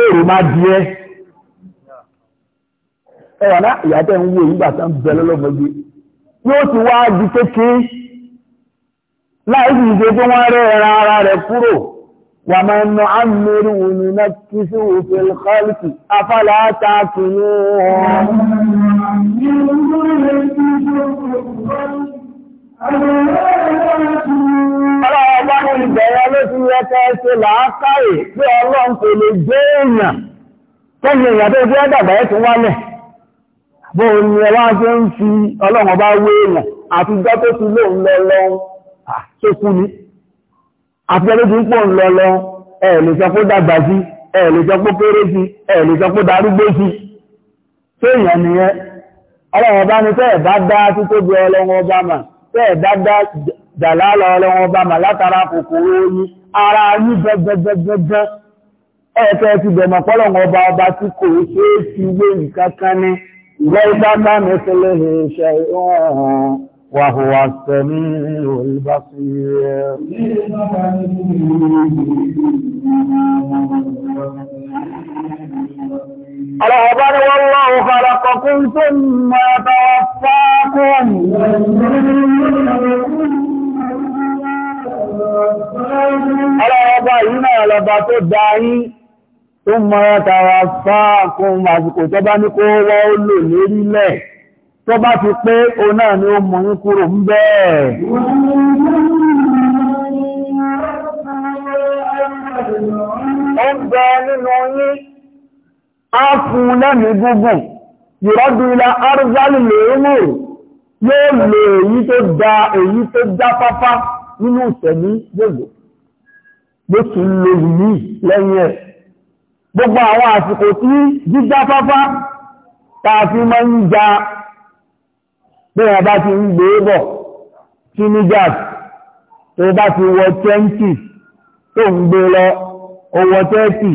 lórí ẹwà náà ìyá tẹ́ ń wo ìgbà tán bẹ lọ́lọ́mọdé yóò ti wá di kékeré láì sì ṣe pé wọ́n rẹ̀ ra ara rẹ̀ kúrò wà máa ń ná àmìrí òní náà kí sí òfin kọ́lùkì afálà àtàkùnú wọn. Ọlọ́run bá ní ìbẹ̀rẹ̀ ló ti yẹ kẹ́ ṣe làákàyè pé ọlọ́run kò lè jẹ́ èèyàn. Tẹ́yìn èèyàn tó gbé ẹ̀dàgbà ẹ̀ tún wálẹ̀ bó ní ọlá jẹ́ ń fi ọlọ́run bá wé èèyàn àti gbá tó ti lóun lọ lọ́un tó kú ní àti ẹgbẹ́ tó ń pọ̀ ń lọ lọ ẹ̀ lè sọ pé dàgbà sí ẹ̀ lè sọ pé kéré sí ẹ̀ lè sọ pé darúgbó sí tó èèyàn nìyẹn ọlọ́run bá ní tẹ́ẹ̀ bá dá títóbi ọlọ́run ọba mà tẹ́ẹ̀ bá dá jàlálà ọlọ́run ọba mà látara kòkòrò oyin ara yí gẹ́gẹ́gẹ́gẹ́ ẹ̀ẹ́kẹ́ ti bẹ̀mọ̀ pọ́lọ́run ọba ọba tí kò ṣeé fi wé nǹkan kan ní ليس كمثله شيء وهو السميع البصير الأبر والله خلقكم ثم توفاكم الأبر هنا لبطل دعين tó mọ́ra tàwà fáàkùn àsìkò tó bá ní kó wá ó lò lérílẹ̀ tó bá ti pé o náà ni ó mú yín kúrò ń bẹ́ẹ̀ ó ń lèémù yóò lè èyí tó da èyí tó já fáfá nínú ìṣẹ̀mí yóò lò tún lè yìí lẹ́yìn ẹ̀ gbogbo awa àsìkò tí jíjá fáfá tààfi mọ́ ń ja bí wọ́n ti ń gbé bọ̀ tí níjà tó ti wọ 20 tó ń gbé lọ owó 30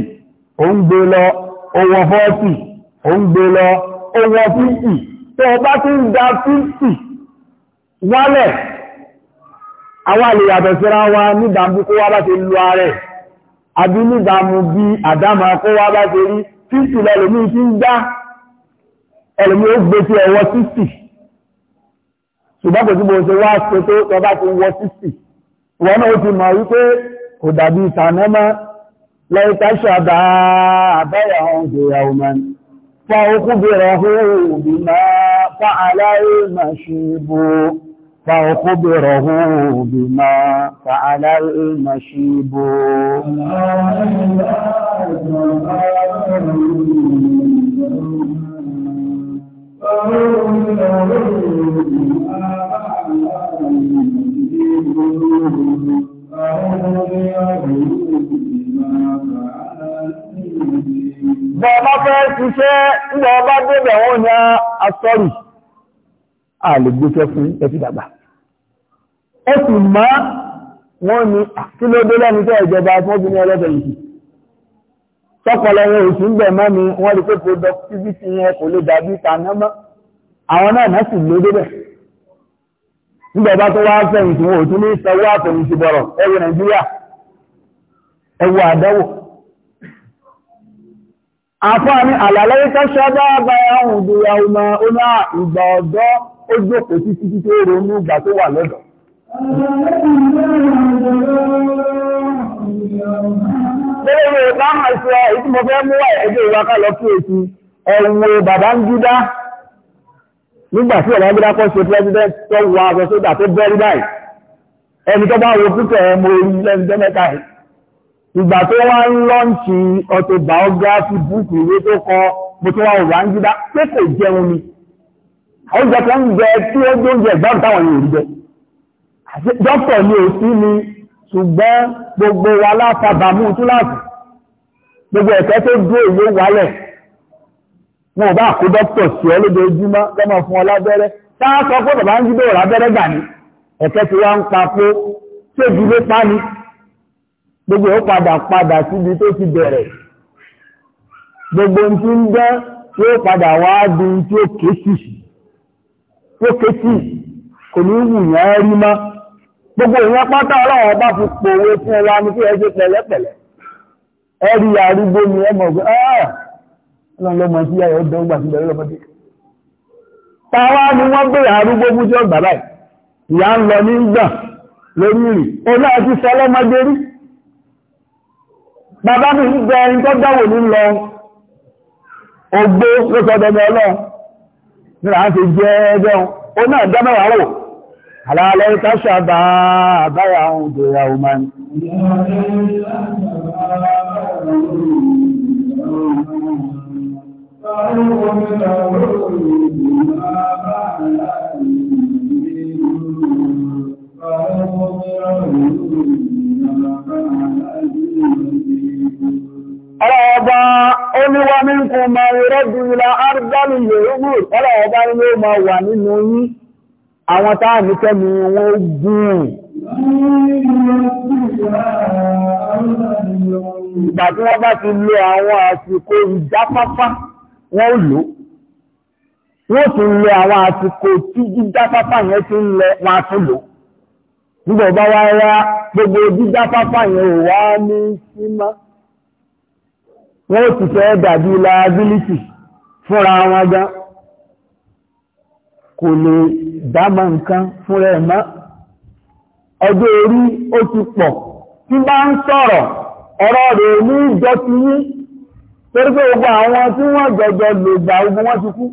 ó ń gbé lọ owó 40 ó ń gbé lọ owó 50 tó bá ti ń da 50 wálẹ̀ àwọn àlèyàbẹ̀sẹ̀ra wa ní dàmbúkú wá bá ti lu ààrẹ̀ àbí níbàmú bí àdámà kó wá bá ṣe rí fífì lẹ́lòmí tí ń dá ẹlòmí ó gbé sí ẹwọ sísì ṣùgbọ́n kò tí mo ṣe wá ṣe tó tọba ti wọ sísì wọn náà ó ti mọ̀ wípé kò dàbí ìsànẹ́mọ́ lẹ́yìn táṣà فأخبره بما فعل المشيب Bọ̀ọ̀bá fẹ́ ṣiṣẹ́ ń bọ̀ọ̀bá gbẹ̀bẹ̀ wọ́n ya asọ́rì, a lè gbé fẹ́ fún ẹfí ó sì wọ́n ni kí ló dé lẹ́nu tó ìjọba fọ́bí ní ọlọ́bẹ̀ yìí tọ́pọ̀lọ́ wọn ò sí ń ni wọ́n rí pé productivity yẹn kò lè dàbí tàná mọ́ àwọn náà náà sì ló débẹ̀ nígbàgbá tó wá fẹ̀yìntì wọn ò tún ní sanwó àfẹ̀yìntì bọ̀rọ̀ ẹ wo Nàìjíríà ẹ wo àdáwò àfáàní àlàlẹ́ ikọ́ ṣọ́dá àbáyà òǹdòyàwó ma ó náà ìgbà ọ̀dọ́ ó jókòó títí tó ronú ìgbà tó wà lọ́dọ̀ Lẹ́yìn ìbá máa sọ ìtí mo fẹ́ mú wà ẹgbẹ́ ìwákà lọ kí èsì ẹ̀wọ̀n bàbá ń gídá nígbà tí ọ̀rọ̀ gídá kọ́ ṣe president tó wọ aṣọ sódà tó bẹ́rí báyìí dọ́kítọ̀ ni ò sí ni ṣùgbọ́n gbogbo wa látàbàmú túláàsì gbogbo ẹ̀kẹ́ tó dúró ìwé wálẹ̀ wọn ò bá kó dọ́kítọ̀ sí ọ lójoojúmọ́ lọ́mọ fún ọ lábẹ́rẹ́ táà sọ pé bàbá ń jí bẹ́ẹ̀ lábẹ́rẹ́ gbà ní ẹ̀kẹ́ tí wọ́n ń pa pé tí èjì ló pa ni gbogbo ó padà padà síbi tó ti bẹ̀rẹ̀ gbogbo ń ti ń dẹ́ yóò padà wá di tí ó ké sí kò ní wù yẹn rí mọ́ gbogbo ìyẹn pátá ọlọ́run ọba fi pòwe fún ẹwà ní kí ẹ ṣe pẹ̀lẹ́pẹ̀lẹ́ ẹ rí arúgbó ni ẹ mọ̀ pé ah, ọlọ́run ló mọ̀ sí ayọ̀ ọdún ọgbà síbẹ̀ lọ́mọdé táwa ni wọ́n gbé arúgbó mú jọ bàbá ìyá ń lọ ní gbọ̀n lórí rì oná àti sọlọ́mọdé rí bàbá mi ń gbẹ ẹni tó dáwò ní lọ ògbó ló sọdọ̀ ọlọ́run nígbà á ti jẹ́ ẹgbẹ́ ó náà dámẹ́wàá wò ألا ليت الشباب يعود يوما Ọlọ́ọ̀bá oníwá mínkù máa rọ́dù ilá Ardálù yóò wù, ọlọ́ọ̀bá ni yóò máa wà nínú yín àwọn táà ní kẹ́mi wọ́n gùn ìgbà tí wọ́n bá ti lo àwọn àsìkò ìjáfáfá wọ́n lò wọ́n tún lo àwọn àsìkò tí ìjáfáfá yẹn ti ń lẹ wọ́n á tún lò nígbà bá wá rá gbogbo ìjáfáfá yẹn ò wá ní símá wọ́n ti fẹ́ dàbí liability fúnra wọn gan kò lè dámọ̀ nǹkan fún rẹ̀ mọ́ ọjọ́ orí ó ti pọ̀ tí bá ń sọ̀rọ̀ ọ̀rọ̀ rẹ̀ ní ìjọ ti yí torí pé gbogbo àwọn tí wọ́n jọjọ lò gbà ogun wọ́n ti kú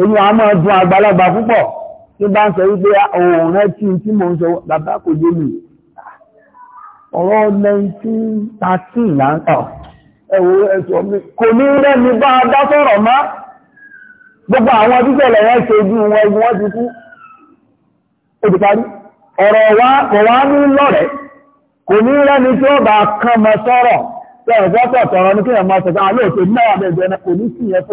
èyí àwọn máa dun àgbàlagbà púpọ̀ tí bá ń sọ wípé òun rẹ̀ tí tí mò ń sọ bàbá kò yé mi ọ̀rọ̀ nineteen thirteen là ń kà ẹ̀wọ̀ ẹ̀sọ́ mi kò ní rẹ́ni bá a dá sọ̀rọ̀ mọ́ gbogbo àwọn títẹ̀lẹ̀ yẹn ṣe ojú wọn egun wọn ti kú ó ti parí ọ̀rọ̀ wa kò wá ní lọ́rẹ̀ kò ní lẹ́ni tí ó bá kán mọ sọ́rọ̀ tẹ̀rẹ̀ sọ́tọ̀ tọ̀rọ̀ ní kíyàn máa sọ̀tọ̀ àlọ́ òṣèlú náà bẹ̀rẹ̀ kò ní sí yẹn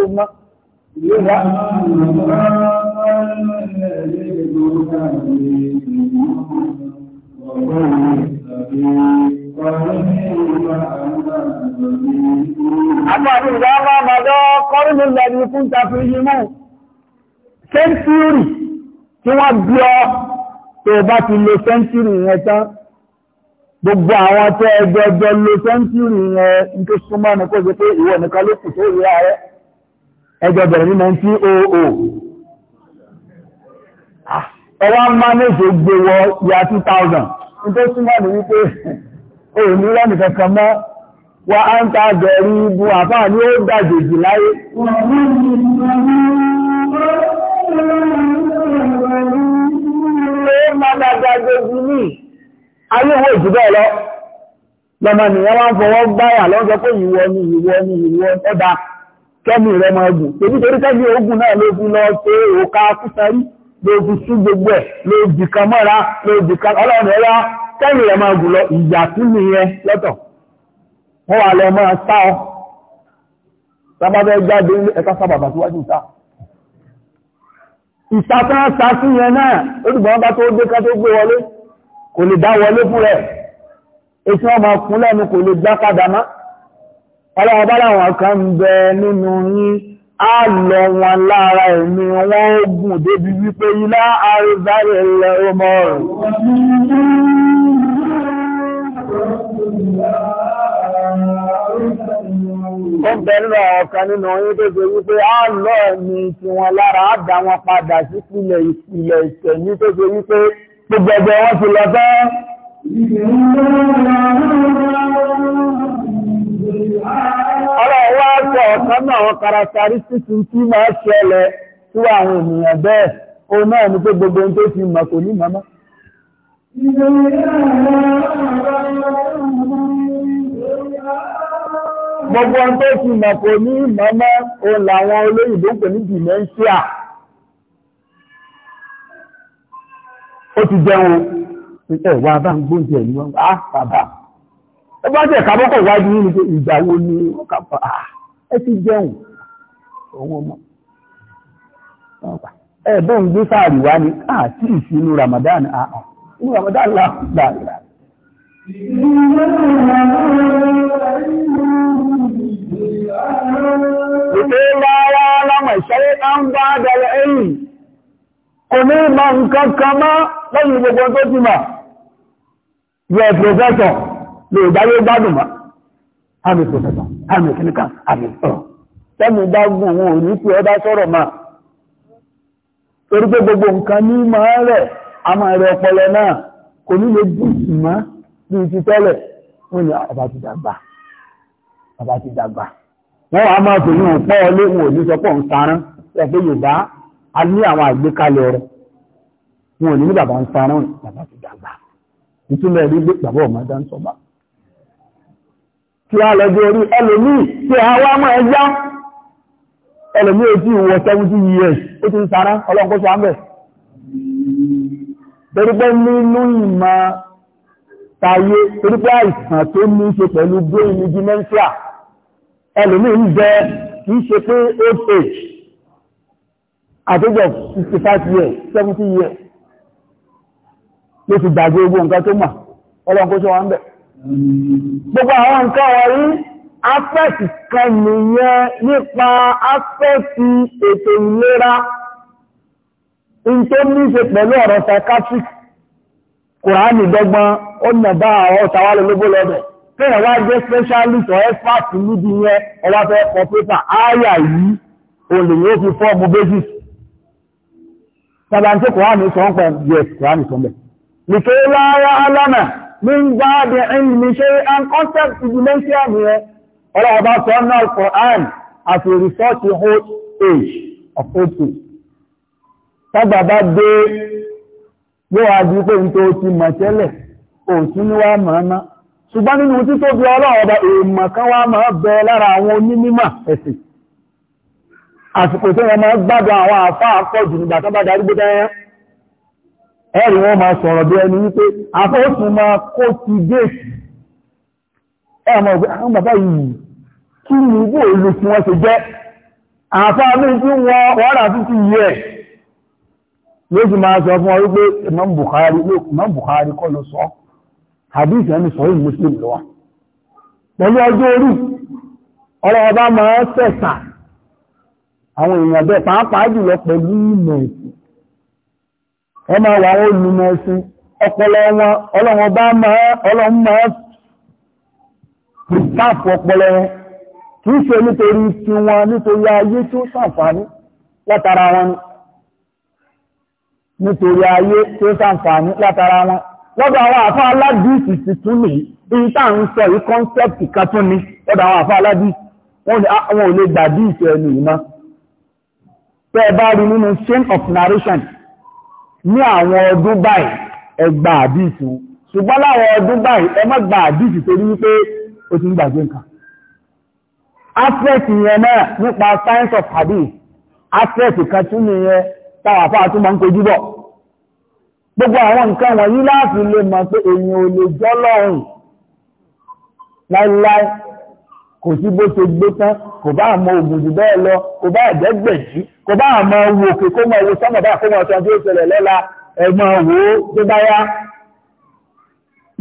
Àpàdé ìdáwà màdọ́ kọrùnlẹ̀ lẹ́ni fún tàbí yímú. Sẹ́ntúrì tí wọ́n bí ọ tó bá ti lo sẹ́ntúrì yẹn tán. Gbogbo àwọn tẹ́ ẹgbẹ́jọ lo sẹ́ntúrì yẹn ní tó súnmọ́ ní kó ṣe pé ìwọ nìkan ló kù tó rí ààrẹ. Ẹjọ bẹ̀rẹ̀ ní 1900. Ọwá mánéjì gbé wọ ya 2000 tó súnmọ́ ní wípé òun ní rẹ́nì kankan mọ́ wa á ń ta bẹ̀rí ibu àfáà ní ó gbàjèjì láyé ayéwò ìjùbẹ́ lọ lọ́mọ nìyàn wá ń fọwọ́ gbáyà lọ́jọ́ pé ìwọ ni ìwọ ni ìwọ ẹ̀dà kẹ́mì rẹ̀ mọ̀ ẹ̀gùn tèbí torí kẹ́mì ogun náà ló fi ló fi sí gbogbo ẹ̀ ló di kan mọ́ra ló di kan ọlọ́run ẹ̀yà kẹ́yìn rẹ̀ máa gùn lọ ìyà tún nìyẹn lọ́tọ̀ wọ́n wà lọ máa sá ọ sábàbẹ́ jáde ẹ̀ka sábàbà síwájú ìta ìta tó ń sa sí yẹn náà ó dìgbọ́n bá tó dé ká tó gbé wọlé kò lè dá wọlé fún rẹ̀ ètò ọmọ ọkùnrin lẹ́nu kò lè dá padà má ọlọ́run bá láwọn kan ń bẹ nínú yín á lọ wọn lára ẹ̀mí wọn ó gùn débi wípé ilá àrísáré ilẹ̀ ọmọ rẹ̀ ó bẹ̀rẹ̀ ọ̀kan nínú oyún tó ṣe wípé á ẹ̀mí tí wọn lára á wọn padà sí ìpìlẹ̀ ìpìlẹ̀ ìṣẹ̀mí tó ṣe wípé gbogbo ẹgbẹ́ wọn ti lọ tán àwọn characteristics tí máa ṣẹlẹ̀ tí àwọn ènìyàn bẹ́ẹ̀ ó náà ní pé gbogbo tó ti mọ̀ kò ní mọ́mọ́ gbogbo tó ti mọ̀ kò ní mọ́mọ́ o làwọn olóyìnbó pè ní dementia ó ti jẹun ẹ̀ wà bá ń gbóúnjẹ ìlú á ah, bàbá ó bá jẹ́ ìkàbọ́kọ̀ wájú ní ìgbà wo ni ó kàbọ̀ àà ẹ ti jẹun òun ọmọ ẹ̀bọ́n ń gbé sáàrì wá ní àti ìsinú Ramadan àà inú Ramadan láàpùpà rẹ̀ Ìgbéra wa lọ́mọ̀ ìṣẹ́lé náà ń bá dára ẹ̀yìn, kò ní ìmọ̀ nǹkan kan mọ́ lẹ́yìn gbogbo tó ti mọ̀. Yẹ pòfẹ́sọ̀ lè dáyé gbádùn mọ́, àmì pòfẹ́sọ̀ àmì kìnnìkan àmì ọ̀ tẹ́mi bá gùn òun ò ní pé ọba sọ̀rọ̀ máa torí pé gbogbo nǹkan ní máa rẹ̀ a máa rẹ̀ ọpọlọ náà kò ní lè dùn sí bí i ti tẹ́lẹ̀ wọ́n ni ah, ọba ti dàgbà ọba ti dàgbà wọ́n wá máa fi yíò pọ́ ọlé wọn ò ní sọ pọ̀ ń sarán ẹ̀ pé yorùbá a ní àwọn àgbékalẹ̀ ọ̀rọ̀ wọn ò ní ní bàbá ń sarán bàbá ti dàgbà ìtumọ̀ ẹ̀ gbé bàbá ọ̀mọdé tí a lọ bí orí ẹlòmíì tí a wá mọ́ ẹjá ẹlòmíì ojú ìwọ̀ 70 years ó ti ń sára ọlọ́nkóso àmẹ́ torípé nínú ìmọ̀ tayé torípé àìsàn tó ní ṣe pẹ̀lú brain dementia ẹlòmíì ń bẹ kìí ṣe pé old age àtẹ́jọ 65 years 70 years ló ti gbàgbé gbogbo nǹkan tó mọ̀ ọlọ́nkóso àmẹ́ Gbogbo àwọn nǹkan wọ̀nyí, aspect kan nìyẹn nípa aspect ètò ìlera, in tó ní ṣe pẹ̀lú ọ̀rọ̀ psychiatric, Kùránì dọ́gbọ́n, ó nàbá àwọn ọ̀tàwálẹ̀ lóbó lọ́bẹ̀. Kéèyàn wá jẹ́ specialist or expert níbi yẹn, ọwá fẹ́ kọ pépà, áyà yìí, olè yóò fi fọ́ọ̀mù basis. Tàbí àti Kùránì sọ ń pẹ̀ yes, Kùránì sọ ń bẹ̀. Nìkẹ́ lára alámà, من بعد علم شيئا concept ti dimension yẹn ọlọ́wọ́ bá sọ ọ́nà al-Qur'an as a age of old age tágbà bá dé yóò wá di pé nítorí o ti mọ̀ tẹ́lẹ̀ o ti ní wá màámá ṣùgbọ́n bẹ lára ẹ̀rì wọ́n máa sọ̀rọ̀ bí ẹni wípé afẹ́sùn máa kó ti déèsì ẹ̀mà ògbé àwọn bàbá yìí kí ní ibò olú tí wọ́n ṣe jẹ́ àfáàmí tí wọ́n wọ́rà títí yẹ ló sì máa sọ fún ọ wípé Imam Bukhari Imam Bukhari kọ́ lọ pẹ̀lú ọjọ́ orí ọ̀rọ̀ ọba máa sẹ̀sà àwọn èèyàn bẹ́ẹ̀ pàápàá jùlọ pẹ̀lú ìmọ̀ ìsìn ẹ máa wà àwọn olùmọ̀ ẹ̀sìn ọpọlọ wọn ọlọ́run bá máa ọlọ́run máa pàpù ọpọlọ wọn kìí ṣe nítorí ti wọn nítorí ayé tí ó ṣàǹfààní látara wọn ni nítorí ayé tí ó ṣàǹfààní látara wọn lọ́dọ̀ àwọn àfá aládìsì sì tún ní èyí tá ń sọ yìí kọ́nsẹ́pì kan tún ní lọ́dọ̀ àwọn àfá aládìsì wọ́n ni ah, ò lè gbàdí ìṣẹ́ ẹni ìmá tẹ́ bá rí nínú chain of narration ní àwọn ọdún báyìí ẹ gba àdìsù ṣùgbọ́n láwọn ọdún báyìí ẹ má gba àdìsù torí wípé ó ti ń gbàgbé nǹkan aspect yẹn náà nípa science of hadith aspect kan tún nìyẹn táwọn afáà tún máa ń kojú bọ̀ gbogbo àwọn nǹkan wọ̀nyí láti lè mọ̀ pé èyàn ò lè jọ́ lọ́rùn láíláí kò sí bó ṣe gbé tán kò bá àmọ́ ògùn jù bẹ́ẹ̀ lọ kò bá ẹ̀jẹ̀ gbẹ̀jì kò bá àmọ́ wo òkè kó mọ̀ wo sọ́mọ̀ bá kó mọ̀ sọ́n tó ṣẹlẹ̀ lọ́la wo tó bá yá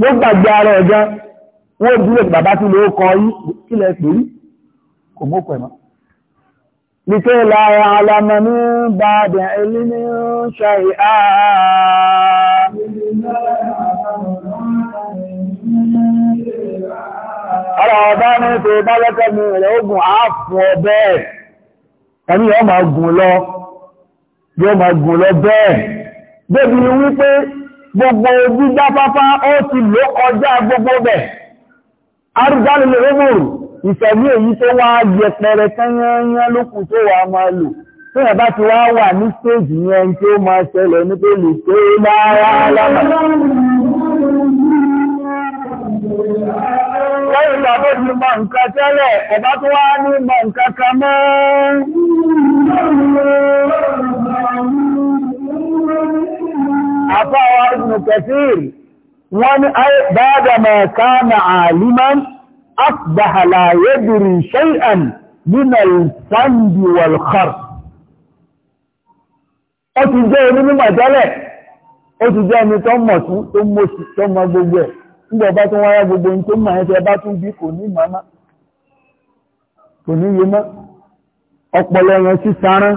wọ́n gbàgbé ara ẹ̀jọ́ wọ́n dúró bàbá tí lóò kọ yí kílẹ̀ pè yí kò mú pẹ̀mọ́. Lìkẹ́ lára alamọ̀ ní bàbẹ̀ ilé ní ṣàì àà. Ọ̀rọ̀ ọ̀bá ní tó bá lọ́kẹ́ mi rẹ̀ ogun àáfọ̀ bẹ́ẹ̀ ẹni yọ máa gùn lọ yọ máa gùn lọ bẹ́ẹ̀ débi wípé gbogbo gbígbá pápá ó ti ló kọjá gbogbo bẹ̀ arúgbálẹ̀ lóòrùn ìṣẹ̀lú èyí tó wá yẹpẹrẹ tẹ́yẹnyẹn lókùn tó wà máa lò tí ẹ̀ ti wá wà ní stéèjì yẹn tí máa ṣẹlẹ̀ ní lè ṣe lára lára lẹ́yìn ìgbà tó ti mọ̀ nǹkan tẹ́lẹ̀ ẹ̀bá tó wá ní mọ̀ nǹkan kan mọ́ àfáwà ibn Kathir wọ́n ní ba'dama kana aliman asbaha la yadri shay'an min al-sand ó ti jẹ́ onímọ̀ tẹ́lẹ̀ ó ti jẹ́ ẹni tó mọ̀ sí tó mọ̀ gbogbo ẹ̀ nígbà ọba tó wáyá gbogbo ohun tó mọ̀ ẹ́ bá tún bí kò ní màmá kò ní yé mọ́ ọpọlọ yẹn sí sarán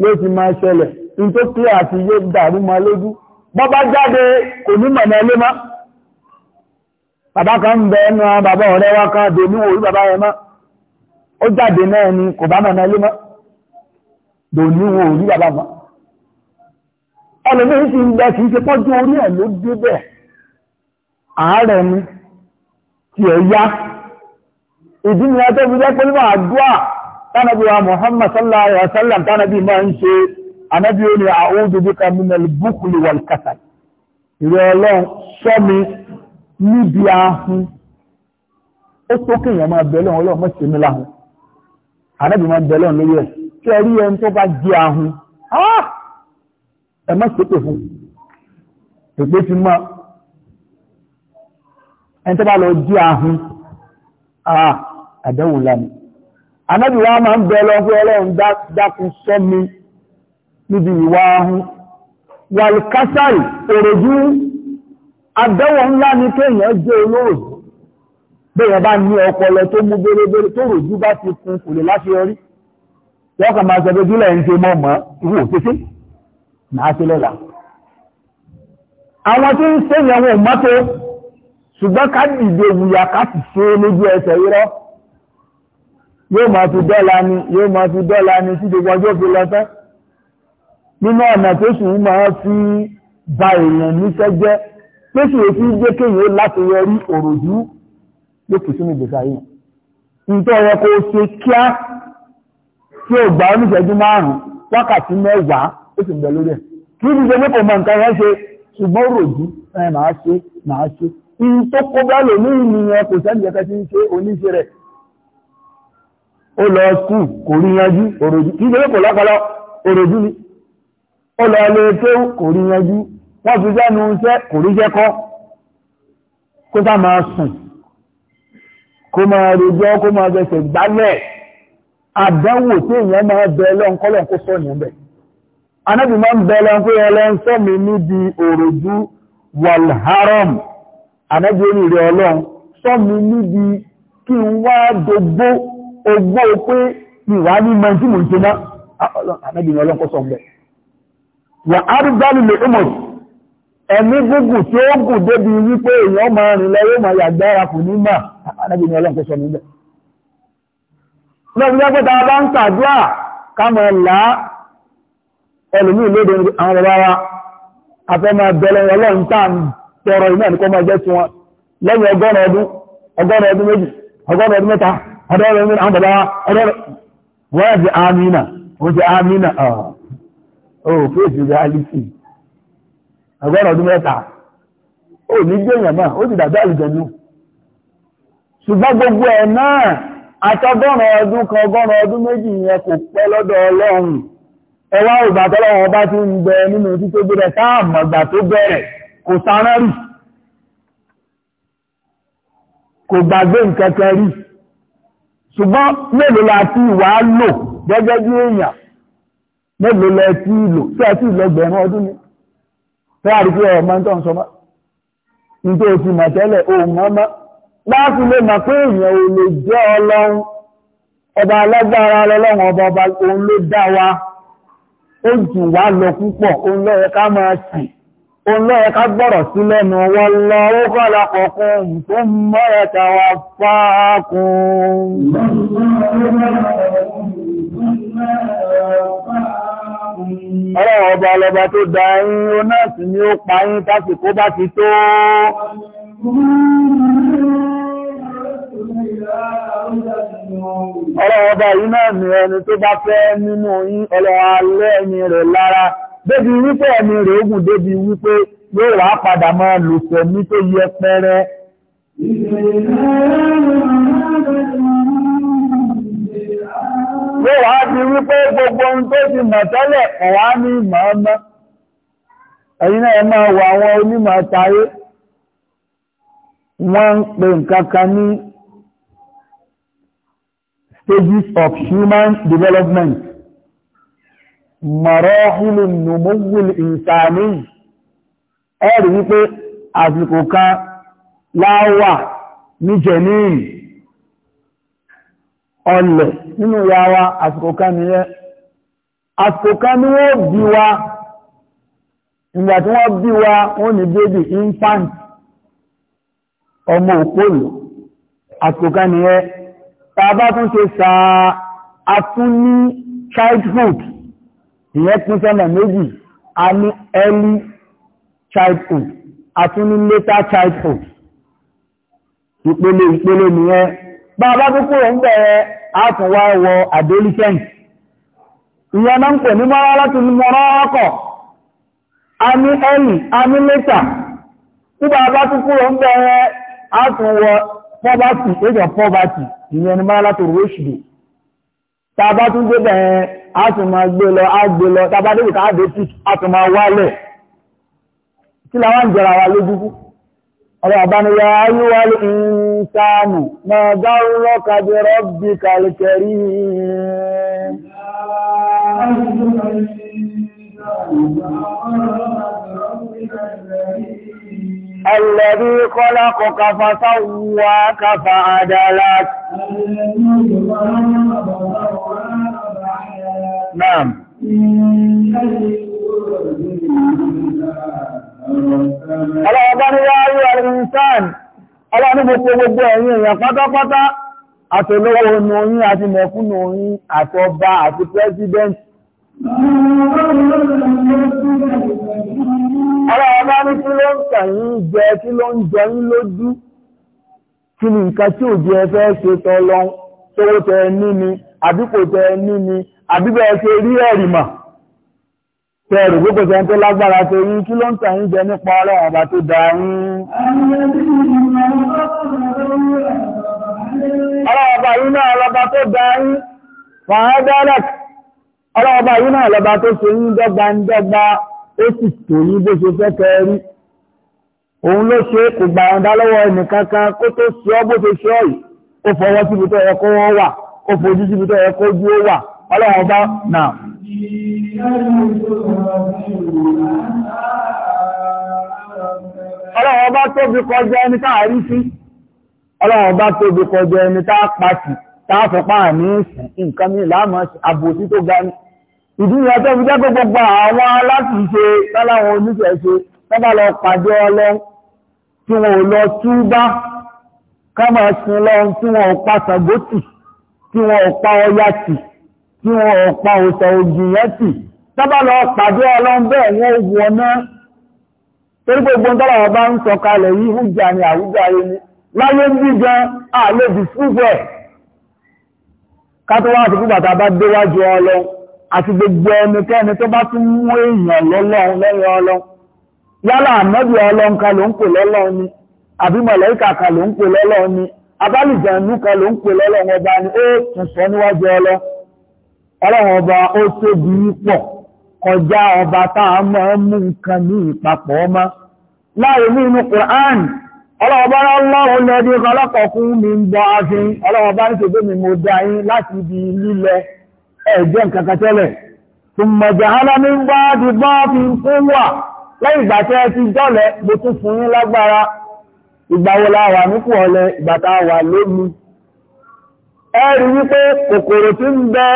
ló ti máa ṣẹlẹ̀ ní tó pé àti yé dàrú máa lójú bọ́ bá jáde kò ní mọ̀nà ilé mọ́ bàbá kan ń bẹ ẹnu bàbá ọ̀rẹ́ wa kan dè ní orí bàbá yẹn mọ́ ó jáde náà ni kò bá mọ̀nà ilé mọ́ dò ní orí bàbá mọ́ ẹlòmíràn sì ń bẹ kì í ṣe pọ́jú orí ẹ̀ ló dé bẹ́ẹ̀ ààrẹ ni tí ẹ yá ìdí ni ọjọ́ ìbílẹ̀ pẹ̀lú àdúà tánàbí wa Muhammad sallallahu alaihi wasallam tánàbí máa ń ṣe anábí ó ní a'udhu bika minal bukhli wal kasal ìrẹ́ ọlọ́run ṣọ́ mi níbi ahun ó sókè èèyàn máa bẹ̀ lọ́run ọlọ́run mọ́sí mi láhun anábí máa bẹ̀ lọ́run lórí ẹ̀ kí ẹ rí ẹni tó bá jẹ ahun ẹ má ṣépè fún èpè ti máa ẹni tó bá lọ jí ahun àdánwò lánìí anábì wa máa ń bẹ lọ́gbọ́ ọlọ́run dákun sọ mi níbi ìwà ahun wàlùkásárì òròjú àdánwò ńlá ni kéèyàn jẹ́ olóòrò bẹ́ẹ̀ bá ní ọpọlọ tó mú bèrèbèrè tó ròjú bá ti kún kò lè láṣeyọrí wọ́n máa sọ̀rọ̀ jùlọ ẹ̀ ń ṣe ìwò òṣèṣe máa ṣe lọ́la àwọn tí ń ṣèyàn wọn mọ́tò ṣùgbọ́n ká dìde ìwúyà ká sì ṣe lójú ẹsẹ̀ irọ́ yóò máa fi dọ́là ni yóò máa fi dọ́là ni tí gbogbo ọjọ́ fi lọ tán nínú ọ̀nà tó sì ń máa fi ba èèyàn níṣẹ́ jẹ́ tó sì fi jẹ́ kéèyàn láti yọrí òròjú lókè sínú ìgbésà yìí nítorí ọ̀rọ̀ kò ṣe kíá tí ó gbà oníṣẹ́jú márùn-ún wákàtí mẹ́wàá ó sì ń bẹ lórí ẹ̀ kí ní ṣe pé kò mọ nǹkan yẹn ṣe ṣùgbọ́n òròjú ẹ̀ máa ṣe máa ṣe in tó kó bá lò ní ìnìyàn kò sẹ́lì ẹ̀kẹ́ tí ń ṣe oníṣẹ́ rẹ̀ ó lọ skúù kò rí yanjú òròjú kí lórí kò lọ́pọ̀lọ́ òròjú ni ó lọ lè tó e kò rí yanjú wọ́n fi jẹ́nu iṣẹ́ kò rí jẹ́ kọ́ kó sá máa sùn kó máa rojọ́ kó máa bẹ̀sẹ̀ gbálẹ̀ àdánwò tí èèyàn máa bẹ lọ́nkọ́lọ̀ kó sọ yẹn bẹ̀ anábì máa ń bẹ lọ́nkọ́ yẹn lọ́n sọ́mi níbi òròjú wàlhárọ̀mù ànábì orí rẹ̀ ọlọ́run sọ́mi níbi kí n wá dogbó ogbó pé ìwà ní mọ tí mò ń tẹ́ná ah, ànábì ọlọ́run kọ́ sọ́mbẹ̀ wà á rí gbálù lè ọmọ ẹ̀mí gúgùn tí ó gùn débi wípé èèyàn máa rìn lọ yóò máa yàgbára kù ní mà ah, ànábì ọlọ́run kọ́ sọ́mbẹ̀ lọ́wọ́ jẹ́ pẹ́ta bá ń tàdúà kámọ̀ ẹ̀lá ẹlòmí ìlóde àwọn bàbá wa afẹ́ máa bẹ̀rẹ̀ ọlọ́run táà tọrọ iná ní kọ́ máa jẹ́ tiwọn lẹ́yìn ọgọ́rùn ọdún ọgọ́rùn ọdún méjì ọgọ́rùn ọdún mẹ́ta ọdọ́rùn ọdún àwọn bàbá ọdọ́rùn wọ́n ti àmìnà wọ́n ti àmìnà ọ̀ fèsì reality ọgọ́rùn ọdún mẹ́ta ó ní gbẹ̀yàn náà ó ti dàbí àlùjẹ̀nu ṣùgbọ́n gbogbo ẹ̀ náà àtọgọ́rùn ọdún kan ọgọ́rùn ọdún méjì yẹn kò pẹ́ lọ́dọ̀ ọlọ́run ẹwà ògbà tọ́lọ́run ọba ti ń gbẹ nínú títí ó gbé rẹ̀ sáà mọ̀gbà tó bẹ̀rẹ̀ kò sára rí kò gbàgbé nǹkankan rí ṣùgbọ́n mélòó la ti wà á lò gẹ́gẹ́ bí èèyàn mélòó lẹ ti lò tí ẹ ti lọgbẹ̀rún ọdún ni fẹ́ àríkú ẹ̀ máa ń tọ́ sọmọ́ nítorí o ti mọ̀ tẹ́lẹ̀ o mọ́ láti lè mọ̀ pé èèyàn ò lè jẹ́ ọlọ́run ọba alágbára lọ́lọ́run ọba ọba òun ló dá wa ó jù wá lọ púpọ̀ òun ló ká máa sìn Olọ́ ẹka gbọ́rọ̀ sí lẹ́nu wọ́n lọ ó kọ́lá tó mọ́ ẹ̀ta wà fáàkún. ọba ọlọ́ba tó dá yín, ó náà sì ó pa yín tásìkò bá ti tó. Ọ̀rọ̀ ọba yìí náà ni tó bá fẹ́ nínú yín ọlọ́ alẹ́ débi wípé ẹ̀mí rẹ̀ ogun débi wípé yóò wá padà máa lòsẹ̀ ní tó yẹ pẹ́rẹ́ yóò wá ti wípé gbogbo ohun tó ti mọ̀ tẹ́lẹ̀ kò wá ní ìmọ̀ ọmọ ẹ̀yin náà máa wọ àwọn onímọ̀ táyé wọ́n ń pè nǹkan kan ní stages of human development mọ̀rọ́hùlù ọhụrụ ìsàní ẹ̀rì wípé àsìkò kan láwà ní jẹ̀níìn ọlẹ̀ nínú ya wa àsìkò kan ni yẹ́ àsìkò kan ni wọ́n bí wa ìgbà tí wọ́n bí bébì infant ọmọ àsìkò kan ni yẹ́ ṣe sàá ìyẹn tún sọ́nà méjì a ní early childhood a tún ní later childhood ìpele ìpele nìyẹn bá a bá tó kúrò ń bẹ̀rẹ̀ a tún wá wọ adolescent ìyẹn náà ń pè ní mọ́ra láti mọ́ra ọkọ̀ a ní early a ní later tí bá a bá tó kúrò ń bẹ̀rẹ̀ a poverty age of poverty ìyẹn ni mọ́ra láti ròṣìlè tàbá tún gbé bẹ̀rẹ̀ a tún máa gbé lọ a gbé lọ tàbá débìkà àdé tí a tún máa wálẹ̀ kí la wọ́n jẹra wa lójú ọ̀rọ̀ àbánirẹ̀ ayúwálé ìsáàmù bí kàlùkẹ̀rí الذي خلقك فسواك فعدلك نعم Ọlọ́ọ̀bá ní wá rí Al-Insan, ọlọ́ọ̀ní gbogbo gbogbo ẹ̀yin èèyàn pátápátá, àtòlówó onú oyin àti mẹ̀kúnnù Ọlọ́run bá ní kí ló ń kà jẹ, kí ló ń jẹ ń lójú, kí ni nǹkan tí ò jẹ fẹ́ ṣe tọ́lọ, tówó tẹ ní ni, àbíkò tẹ ní ni, ṣe rí ẹ̀rì mà. gbogbo tẹ̀ ń tó lágbára tó yín, kí ló ń jẹ nípa tó yín. ọba náà lọ́ba tó ó sì tò yí bó ṣe fẹ́ rí òun ló ṣe kò gba ọ̀dá lọ́wọ́ kó tó ṣe ọ́ bó ṣe ṣe ọ́ yìí fọwọ́ síbi tó wà fojú síbi tó ó wà ọlọ́run bá nà. ọlọ́run bá tóbi kọjá ẹni tá a rí sí ọlọ́run bá tóbi kọjá ẹni a pàṣì tá a fọpá àmì ìsìn ìdí ni ọjọ́ ìjẹ́ pé gbogbo àwọn aláṣìṣe táláwọn oníṣẹ̀ṣe tọ́bà lọ pàdé ọlọ́ tí wọ́n lọ túbá kámà sin lọ tí wọ́n pa sàgótì tí wọ́n pa ọyàtì tí wọ́n pa òsà ògìyàtì tọ́bà lọ pàdé ọlọ́ bẹ́ẹ̀ wọ́n wù ọ̀nà torí gbogbo tọ́láwọ̀ bá ń sọ kalẹ̀ yìí hújà ni àwùjá ẹni láyé ń jíjẹ àlejò fúnfẹ́ ká tó wá àti fún bàtà bá déwájú ọlọ́run àti gbogbo ẹnikẹ́ni tó bá tún mú èèyàn lọ́lọ́run lẹ́yìn ọlọ́run yálà ànábì ọlọ́run kan ló ń pè lọ́lọ́run ni àbí mọ̀lẹ́kà kan ló ń pè lọ́lọ́run ni abálìjẹ̀nú kan ló ń pè lọ́lọ́run ọba ni ó tún sọ níwájú ọlọ́ ọlọ́run ọba ó tóbi pọ̀ kọjá ọba tá a máa mú nǹkan ní ìpapọ̀ ọmọ láàrin ní inú Qur'an ọlọ́run ọba ọlọ́run lẹ́dí ọlọ́kọ̀ọ́kún mi ń bọ́ afin ọlọ́run ọba ní tòbí mi mo dá yín láti ibi lílẹ̀ ẹ̀jẹ́ nǹkankan tẹ́lẹ̀ tùmọ̀jà alámi ń bá di bá fi ń kó wà lẹ́yìn ti jọ́lẹ̀ tún fún yín lágbára ìgbà wà nípò ọlẹ ìgbà a wà lómi ẹ rí wípé kòkòrò tí ń bẹ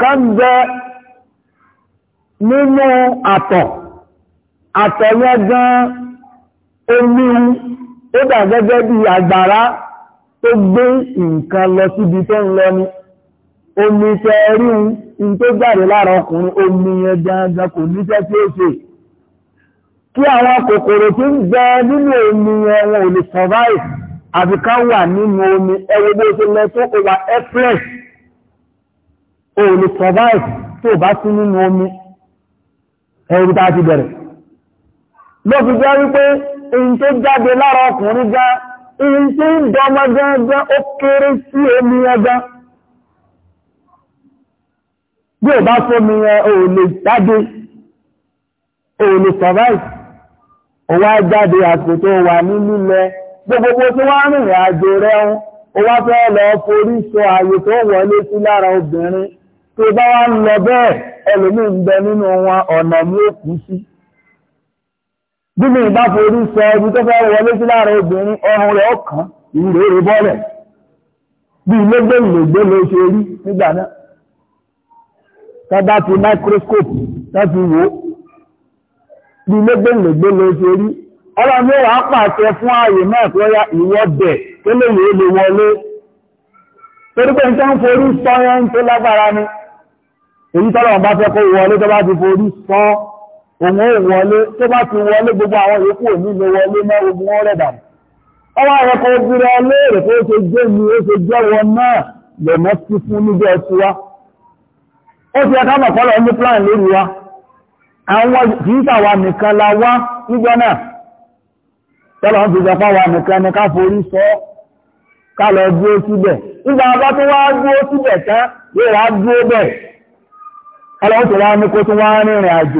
kan ń bẹ nínú tó gbé nǹkan lọ síbi tó ń lọ ni omi tẹ rí un tó jáde lára ọkùnrin omi yẹn gangan kò níṣẹ́ tí ó ṣe kí àwọn kòkòrò tí ń gbẹ nínú omi yẹn wọn ò lè survive àfi ká wà nínú omi ẹwọ bó ṣe lọ tó wà airfresh ò lè survive tó bá sí nínú omi ẹrù tá a ti bẹ̀rẹ̀ ló wípé ohun tó jáde lára ọkùnrin gan ihe tí ń dọmọ gángan si omi ẹgbẹ́ bí ò bá fómi ẹ ò lè jáde ò survive ụwa n'ime jáde àsìkò wà ní lílẹ̀ gbogbogbò tí wọ́n rìnrìn àjò rẹ̀ ń ó wá lọ forí sọ àyè tó wọlé sí lára bí mi bá forí sọ ibi tó fẹ́ wọlé sí láàrin obìnrin ọrùn rẹ̀ ọkàn ìrè rè bọ́lẹ̀ bí ilégbé ìlògbé ló ṣe rí nígbà náà tọ́ba ti microscope láti wò bí ilégbé ìlògbé ló ṣe rí ọlọ́run yóò wá pàṣẹ fún ààyè náà tó yá ìwọ́ bẹ̀ tó lè yóò lè wọlé torí pé nǹkan forí sọ yẹn tó lágbára ni èyí tọ́lọ́run bá fẹ́ kó wọlé tó bá ti forí sọ òun ò wọlé tó bá ti wọlé gbogbo àwọn yòókù òní ló wọlé mọ́ ogun wọn ọwọ́ àwọn kan gbúra léèrè ṣe mi ó ṣe náà fún wa ó ti mọ̀kọ́lọ̀ ní plan lórí la wá náà ń fi jọpá wa nìkan ni ká forí sọ ká lọ síbẹ̀ nígbà bá tó wá síbẹ̀ tán yóò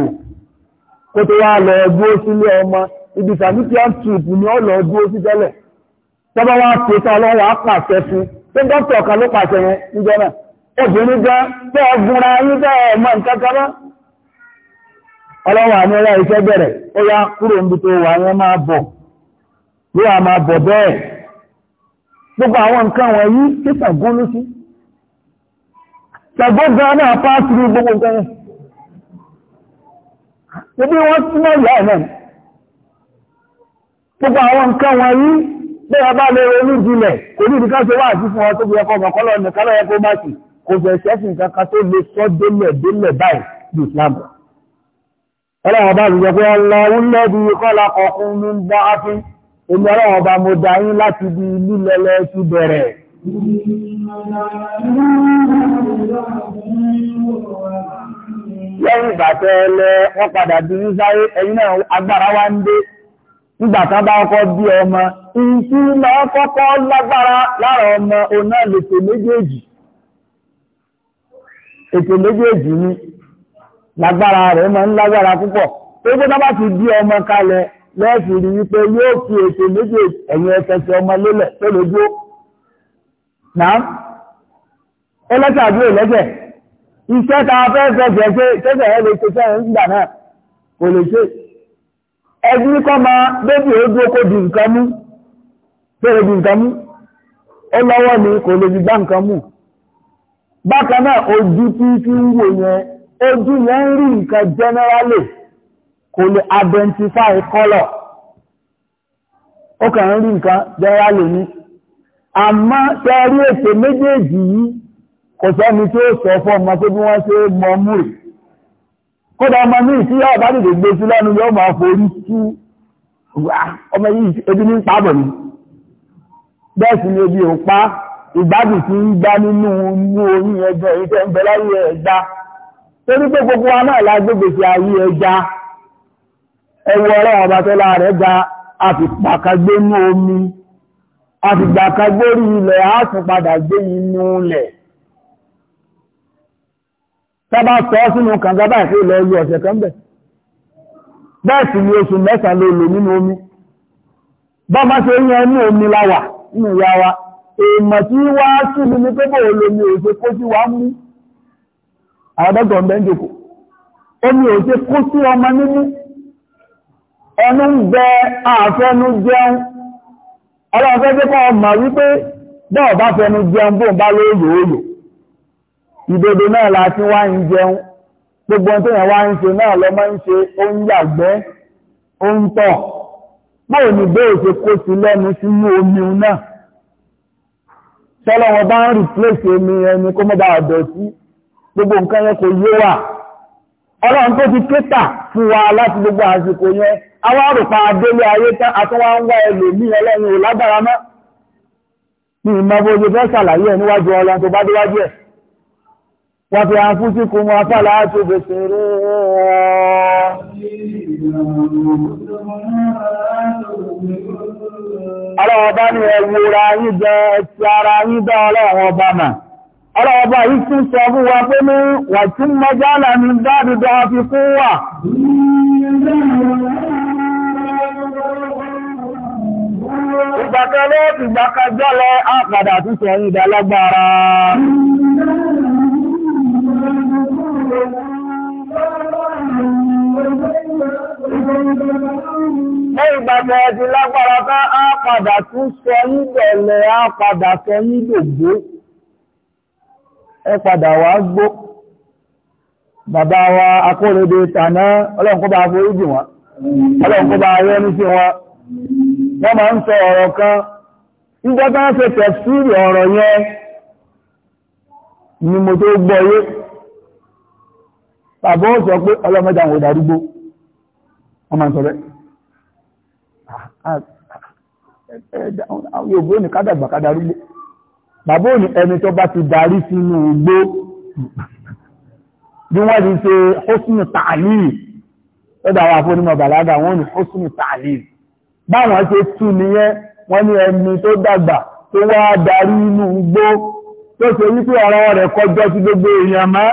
wá kó tó wá lọ dúró sílé ọmọ ibi sàmìkíán trip ni ó lọ dúró sí tẹ́lẹ̀ tọ́bá wá pè sá lọ́wọ́ á pàṣẹ fún pé dókítà kan ló pàṣẹ yẹn níjọ náà obìnrin gan tẹ́ ẹ gunra yín tẹ́ ẹ mọ nǹkan kan mọ́ ọlọ́wọ́ àmì ẹ̀rọ iṣẹ́ bẹ̀rẹ̀ ó yá kúrò níbi tó wà yẹn máa bọ̀ ló wà máa bọ̀ bẹ́ẹ̀ gbogbo àwọn nǹkan wọ̀nyí kí sàgbónú sí sàgbó gan náà pàṣẹ gbogbo nǹkan yẹn Ibi wọ́n súnmọ́ ìyá ẹ̀ náà. Gbogbo àwọn nǹkan wọn yí bí a bá lè ronú jinlẹ̀, kò ní ìdíkà ṣe wá àti fún wọn tó fi ẹkọ ọmọkọlọ nìkan lọ́yẹ kó kò fẹ̀ ṣẹ́sìn kankan tó lè sọ délẹ̀ délẹ̀ báyìí bí Islam. Ọlọ́run bá rúgbọ́ pé ọlọ́run lẹ́bi kọ́lá kọkún ní bá áfín. Èmi ọlọ́run bá mo dá yín láti di lílẹ̀lẹ̀ ti bẹ̀rẹ̀. Ìgbìmọ̀ lẹ́yìn ìgbà tẹ́ lẹ wọ́n padà bí ní sáyé ẹ̀yìn náà agbára wá ń dé nígbà tán bá kọ́ bí ọmọ ìtú máa kọ́kọ́ lágbára lára ọmọ ọ̀nà lètò méjèèjì ètò méjèèjì ni lágbára rẹ̀ máa ń lágbára púpọ̀ tó gbé náà bá ti bí ọmọ kalẹ̀ lẹ́ẹ̀sì rí wípé yóò fi ètò méjèèjì ẹ̀yìn ẹ̀fẹ̀sẹ̀ ọmọ lélẹ̀ tó lójó náà ẹlẹ́tàdúró lẹ́sẹ̀ iṣẹ́ ta fẹ́ fẹ́fẹ́ pé tẹ́fẹ́ ẹ lè ṣe fẹ́rẹ̀ nígbà náà kò lè ṣe ẹgbẹ́ kọ́ ma bébì ó dúró kó di nǹkan mú bẹ́rẹ̀ di nǹkan mú ó lọ́wọ́ ni kò lè fi gbá nǹkan mú bákan náà ojú tí fi ń wò yẹn ojú yẹn ń rí nǹkan generally kò lè identify color ó kàn ń rí nǹkan generally ni àmọ́ tẹ́rí ètò méjèèjì yìí kò sẹ́ni tí ó sọ fún ọmọ pé bí wọ́n ṣe mọ mú rè kódà ọmọ ní ìtí yóò bá dìde gbé sí lẹ́nu yóò máa forí tú ọmọ yìí ebi ní pàbọ̀ ni bẹ́ẹ̀ sì ni ebi ò pa ìgbádùn tí ń gbá nínú inú orí ẹjọ́ èyí ń bẹ láyé ẹja torí pé gbogbo wa náà la gbégbè sí ayé ẹja ẹwọ ọlọ́run ọba tó lára rẹ̀ ga àfìgbàkagbé inú omi àfìgbàkagbórí ilẹ̀ á tún padà gbé inú ilẹ̀ tábà sọ sínú kànga báyìí pé lọ lu ọ̀sẹ̀ kan bẹ̀ bẹ́ẹ̀ sì ni oṣù mẹ́sàn-án ló lò nínú omi bá má ṣe yan inú omi la wà nínú ìyá wa èèmọ̀ tí wá sí mi ní pé bò ó ò ṣe kó sí wa mú àwọn dọ́gbọ̀n bẹ́ẹ̀ jòkó omi ò ṣe kó sí ọmọ nínú ẹnu ń bẹ àfẹnu jẹun ọlọ́run fẹ́ fẹ́ kọ́ ọmọ wípé bẹ́ẹ̀ bá fẹnu jẹun bóun bá lóyòóyòó ìdodo náà la ti wá ń jẹun gbogbo tó yẹn wá ń ṣe náà lọ máa ń ṣe ó ń yàgbẹ́ ó ń tọ̀ bóò ní bóò ṣe kó sí lẹ́nu sínú omi náà tọ́lọ́wọ́ bá ń rìpléṣì omi ẹni kó mọ́ba ọ̀dọ̀ sí gbogbo nǹkan yẹn kò yé wà ọlọ́run tó ti kéta fún wa láti gbogbo àsìkò yẹn àwọn àrùpa adélé ayé tán àtúnwá ń wá ẹlòmíì ẹlẹ́yin ò lágbára mọ́ ní ìmọ̀ bó ṣe fẹ́ ṣàlàyé ẹ̀ níwájú ọlọ́run tó bá déwájú ẹ̀ وفي أنفسكم أفلا تبصرون ọlọ́ọ̀bá ni ẹ̀wòrà ìjẹ ẹ̀tì ara ìdá ọlọ́ọ̀bá mà ọlọ́ọ̀bá yìí tún sọ fún wa pé ní wà tí mọ́jálà ní dáadìdá fi kún wà ìgbàkẹ́lẹ́ ìgbàkẹ́jọ́lẹ́ àpàdà tún sọ ara. Ní ìgbàgbọ́ ẹ̀dì lágbára ká á padà tún sọ níbẹ̀lẹ̀ á padà sọ Ẹ padà wá gbó. Bàbá wa akóredé tàná ọlọ́run bá forí jì bá ní sí wọn. Wọ́n máa ń sọ ọ̀rọ̀ kan. ọ̀rọ̀ yẹn ni mo tó gbọ́ bàbá ó sọ pé ọlọ́mọdé àwọn ìdàrúgbó wọ́n máa ń sọ bẹ́ẹ̀ yóò bó ní kádàgbà kádàrúgbó bàbá ò ní ẹni tó bá ti darí sínú igbó bí wọ́n ti ṣe hósùnù tààlìl lọ́dọ̀ àwọn afọ́nímọ̀ bàlágà wọ́n ní hósùnù tààlìl báwọn ṣe tú nìyẹn wọ́n ní ẹni tó dàgbà tó wá darí inú igbó tó ṣe wípé ọ̀rọ̀ rẹ̀ kọjọ́ sí gbogbo èèyàn máa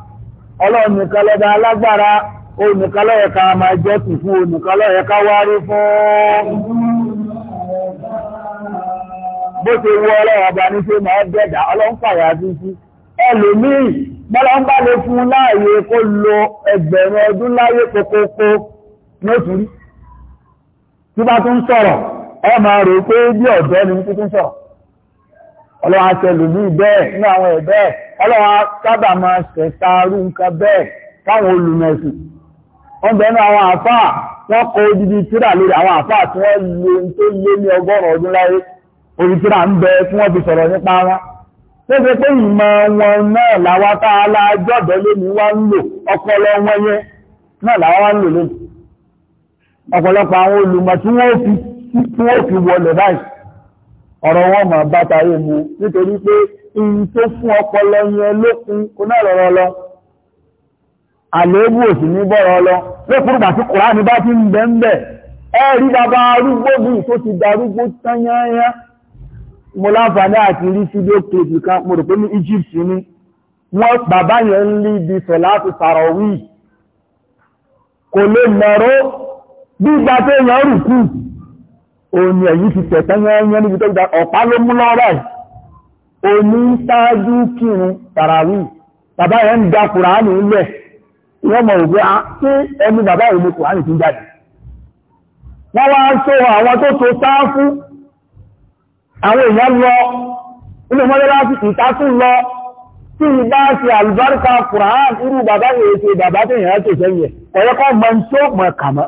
ọlọ́run nìkan lọ́ba alágbára onìkan máa jẹ́ tù fún onìkan ló wárí fún bó ṣe wọ ní ṣe máa dẹ́dà ọlọ́run títí ẹlòmíì bọ́lá lè fún láàyè kó lo ẹgbẹ̀rún ọlọ́wọ́ sábà ma ṣẹ̀ta arú nǹkan bẹ́ẹ̀ káwọn olùmẹ̀sìn wọ́n bẹ̀rẹ̀ náà àwọn àfáà wọ́n kọ odidi tíra lórí àwọn àfáà tí wọ́n lè tó lé ní ọgọ́rùn ọdún láyé orí tíra ń bẹ fi sọ̀rọ̀ nípa wọn tó ṣe pé ìmọ̀ wọn náà làwa tá a la jọ́dọ̀ lónìí wá ń lò ọpọlọ wọn yẹn náà làwa wá ń fi wọlé báyìí ọ̀rọ̀ wọn máa bá tayé mu nítorí pé ihun tó fún ọpọlọ yẹn lókun kò náà lọ́rọ́ lọ àléébù òsì ní bọ́rọ̀ lọ lókùrùgbà tí kùránì bá ti ń bẹ́ ń bẹ̀ ẹ rí bàbá arúgbó bíi tó ti darúgbó tán mo láǹfààní àti rí fídíò kejì kan mo rò pé ní Egypt ni wọ́n bàbá yẹn ń lé ibi sọ̀ láti sàrọ̀wì kò lè mọ̀rọ̀ bí ìgbà tó yàn òní ẹ̀yìn ti tẹ̀tẹ́ yẹn níbi tó gba ọ̀pá ló mú lọ́rọ̀ ẹ̀ òní sáájú tàràwì bàbá ń da kùránì ilẹ̀ wọ́n mọ̀ ògbé tí ah, ẹni bàbá yìí kùránì ti jáde wọ́n wá so àwọn tó so sáfú àwọn èèyàn lọ inú lọ tí ìbá ṣe àlùbáríkà kùránì irú bàbá ẹ̀ kọ̀yẹ́kọ́ mọ́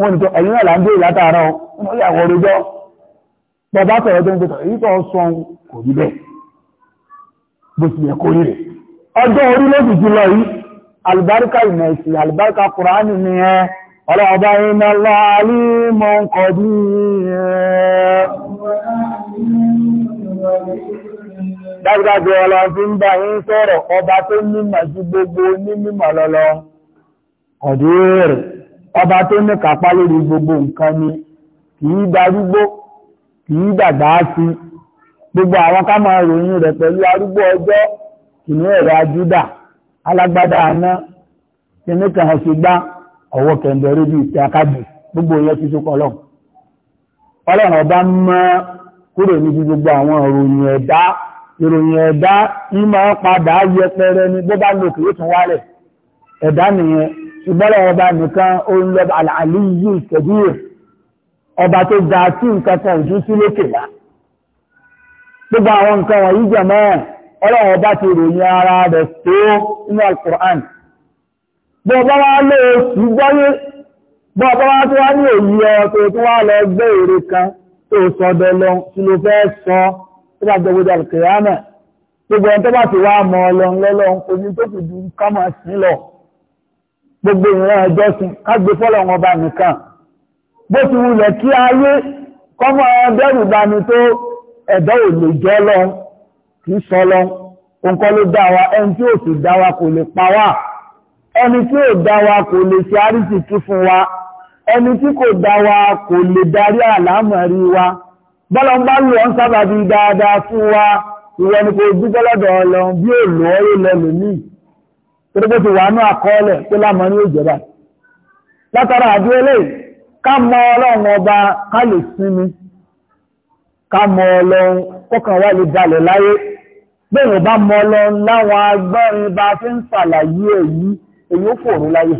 wọ́n ní pé ẹ̀yìn náà là látàárọ̀ wọ́n yà wọ́n rojọ́ tó ń pẹ̀tọ̀ èyí tó sọ kò rí bẹ́ẹ̀ bó ti yẹ kó rí rẹ̀ ọjọ́ orí ló sì yìí alùbáríkà ìmọ̀ ẹ̀sìn kùránì ni ẹ ọlọ́ọ̀bá iná láàrí mọ́ ń kọ bí ẹ ọba tó ní kápá lórí gbogbo nǹkan ni kìí darúgbó kìí dàgbà sí gbogbo àwọn ká máa ròyìn rẹ̀ pẹ̀lú arúgbó ọjọ́ kìní ẹ̀rọ ajúdà alágbádá àná kìní kan ṣe gbá bíi ti gbogbo ti ọba kúrò níbi gbogbo àwọn ìròyìn ìròyìn padà yẹpẹrẹ bó bá ṣùgbọ́n ọba nìkan òun lọ àlàyé kabir ọba tó ga tí nǹkan kan ò tún sí lókè wá gbogbo àwọn nǹkan wọ̀nyí jẹ̀mọ́ ọlọ́run ọba ti ròyìn ara rẹ̀ tó inú alukur'an bí ọba wa lé oṣù gbọ́yé bí ọba wa tó wá ní èyí ọ tó wá lọ gbé èrè kan tó sọdọ lọ kí ló fẹ́ sọ tó bá gbogbo alukiyama gbogbo ẹni tó bá ti wá mọ ọlọ́run lọ́lọ́run kò ní tó fi ju kámọ̀ sí lọ gbogbo ìran ẹjọ́sìn kágbé fọ́lọ̀ wọn bá nìkan bó ti wulẹ̀ kí ayé kọ́mọ ẹgbẹ́rù bá ní tó ẹ̀dọ́ ò lè jẹ́ lọ kì í sọ lọ nǹkan ló dá wa ẹni tí ò sì dá wa kò lè pa wá ẹni tí ò dá kò lè ṣe àrísìkí fún wa ẹni tí kò dá kò lè darí àlámọ̀rí wa bọ́lọ̀ ń bá lù ọ́n sábàbí dáadáa fún wa ìwọ ni kò dúpẹ́ lọ́dọ̀ ọlọ́run bí òòlù ọ́yẹ́ lẹ́lòmíì torí pé ti wà ní àkọọ́lẹ̀ pé lámọ́ ní òjọba látara àdúrà eléyìí ká mọ ọlọ́run ọba ká lè sinmi ká mọ ọlọ́run kọ́kàn wá lè balẹ̀ láyé bẹ́ẹ̀ bá mọ ọlọ́run láwọn agbọ́rin bá fi ń ṣàlàyé èyí èyí ó fòrò láyé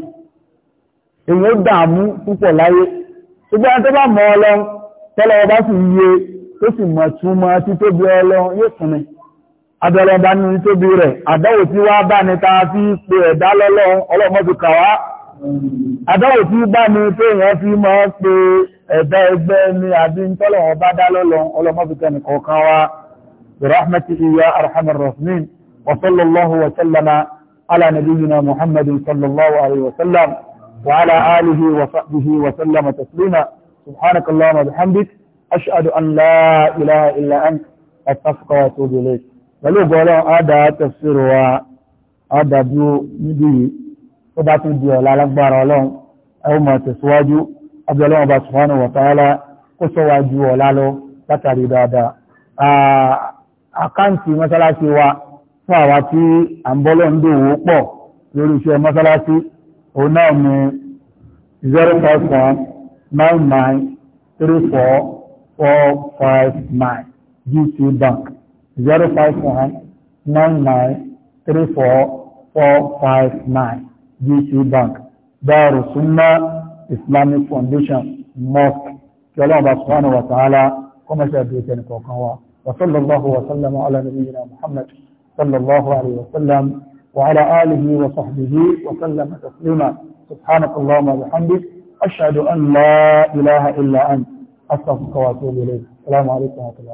èyí dààmú púpọ̀ láyé ṣùgbọ́n tó bá mọ ọlọ́run tọ́lọ́ abẹ́rẹ́ ọba ní tóbi rẹ̀ àdáwò tí wá bá ní ta fi pe ẹ̀dá lọ́lọ́run ọlọ́mọ́tò kàwá àdáwò tí bá ní tó yẹn fi mọ́ pe ẹ̀dá ẹgbẹ́ ní àbí tọ́lọ̀wọ̀n bá dá lọ́lọ́run ọlọ́mọ́tò kẹ́nìkọ̀ọ̀kan wá برحمته يا أرحم الراحمين وصلى الله وسلم على نبينا محمد صلى الله عليه وسلم وعلى آله وصحبه وسلم تسليما سبحانك اللهم وبحمدك أشهد أن لا إله إلا أنت أستغفرك وأتوب إليك pẹ̀lú ọgọ́rọ̀ ọ̀dà tẹ̀síro wa ọ̀dà dúró níbi yìí tó bá tún di ọ̀la lágbára ọlọ́run ẹ̀wọ̀n máa tẹ̀síwájú ọbẹ̀ ọlọ́run ọba subhanahu wa ta'ala kó sọ́wájú ọ̀la lọ látàrí dáadáa. àkáǹtì mọ́sálásí zero five nine three four four five nine GT Bank. 051 9934459 GC Bank Darus Sunnah Islamic Foundation Mosque kí ọlọ́run bá subhanahu wa ta'ala kó mọ́ ṣe àdúró tẹni kọ̀ọ̀kan wa wa sallallahu wa sallam ala nabiyyina Muhammad sallallahu alayhi wa sallam wa ala alihi wa sahbihi wa sallam taslima subhanaka allahumma wa bihamdik ashhadu an la ilaha illa anta astaghfiruka wa atubu ilayk assalamu alaykum wa rahmatullahi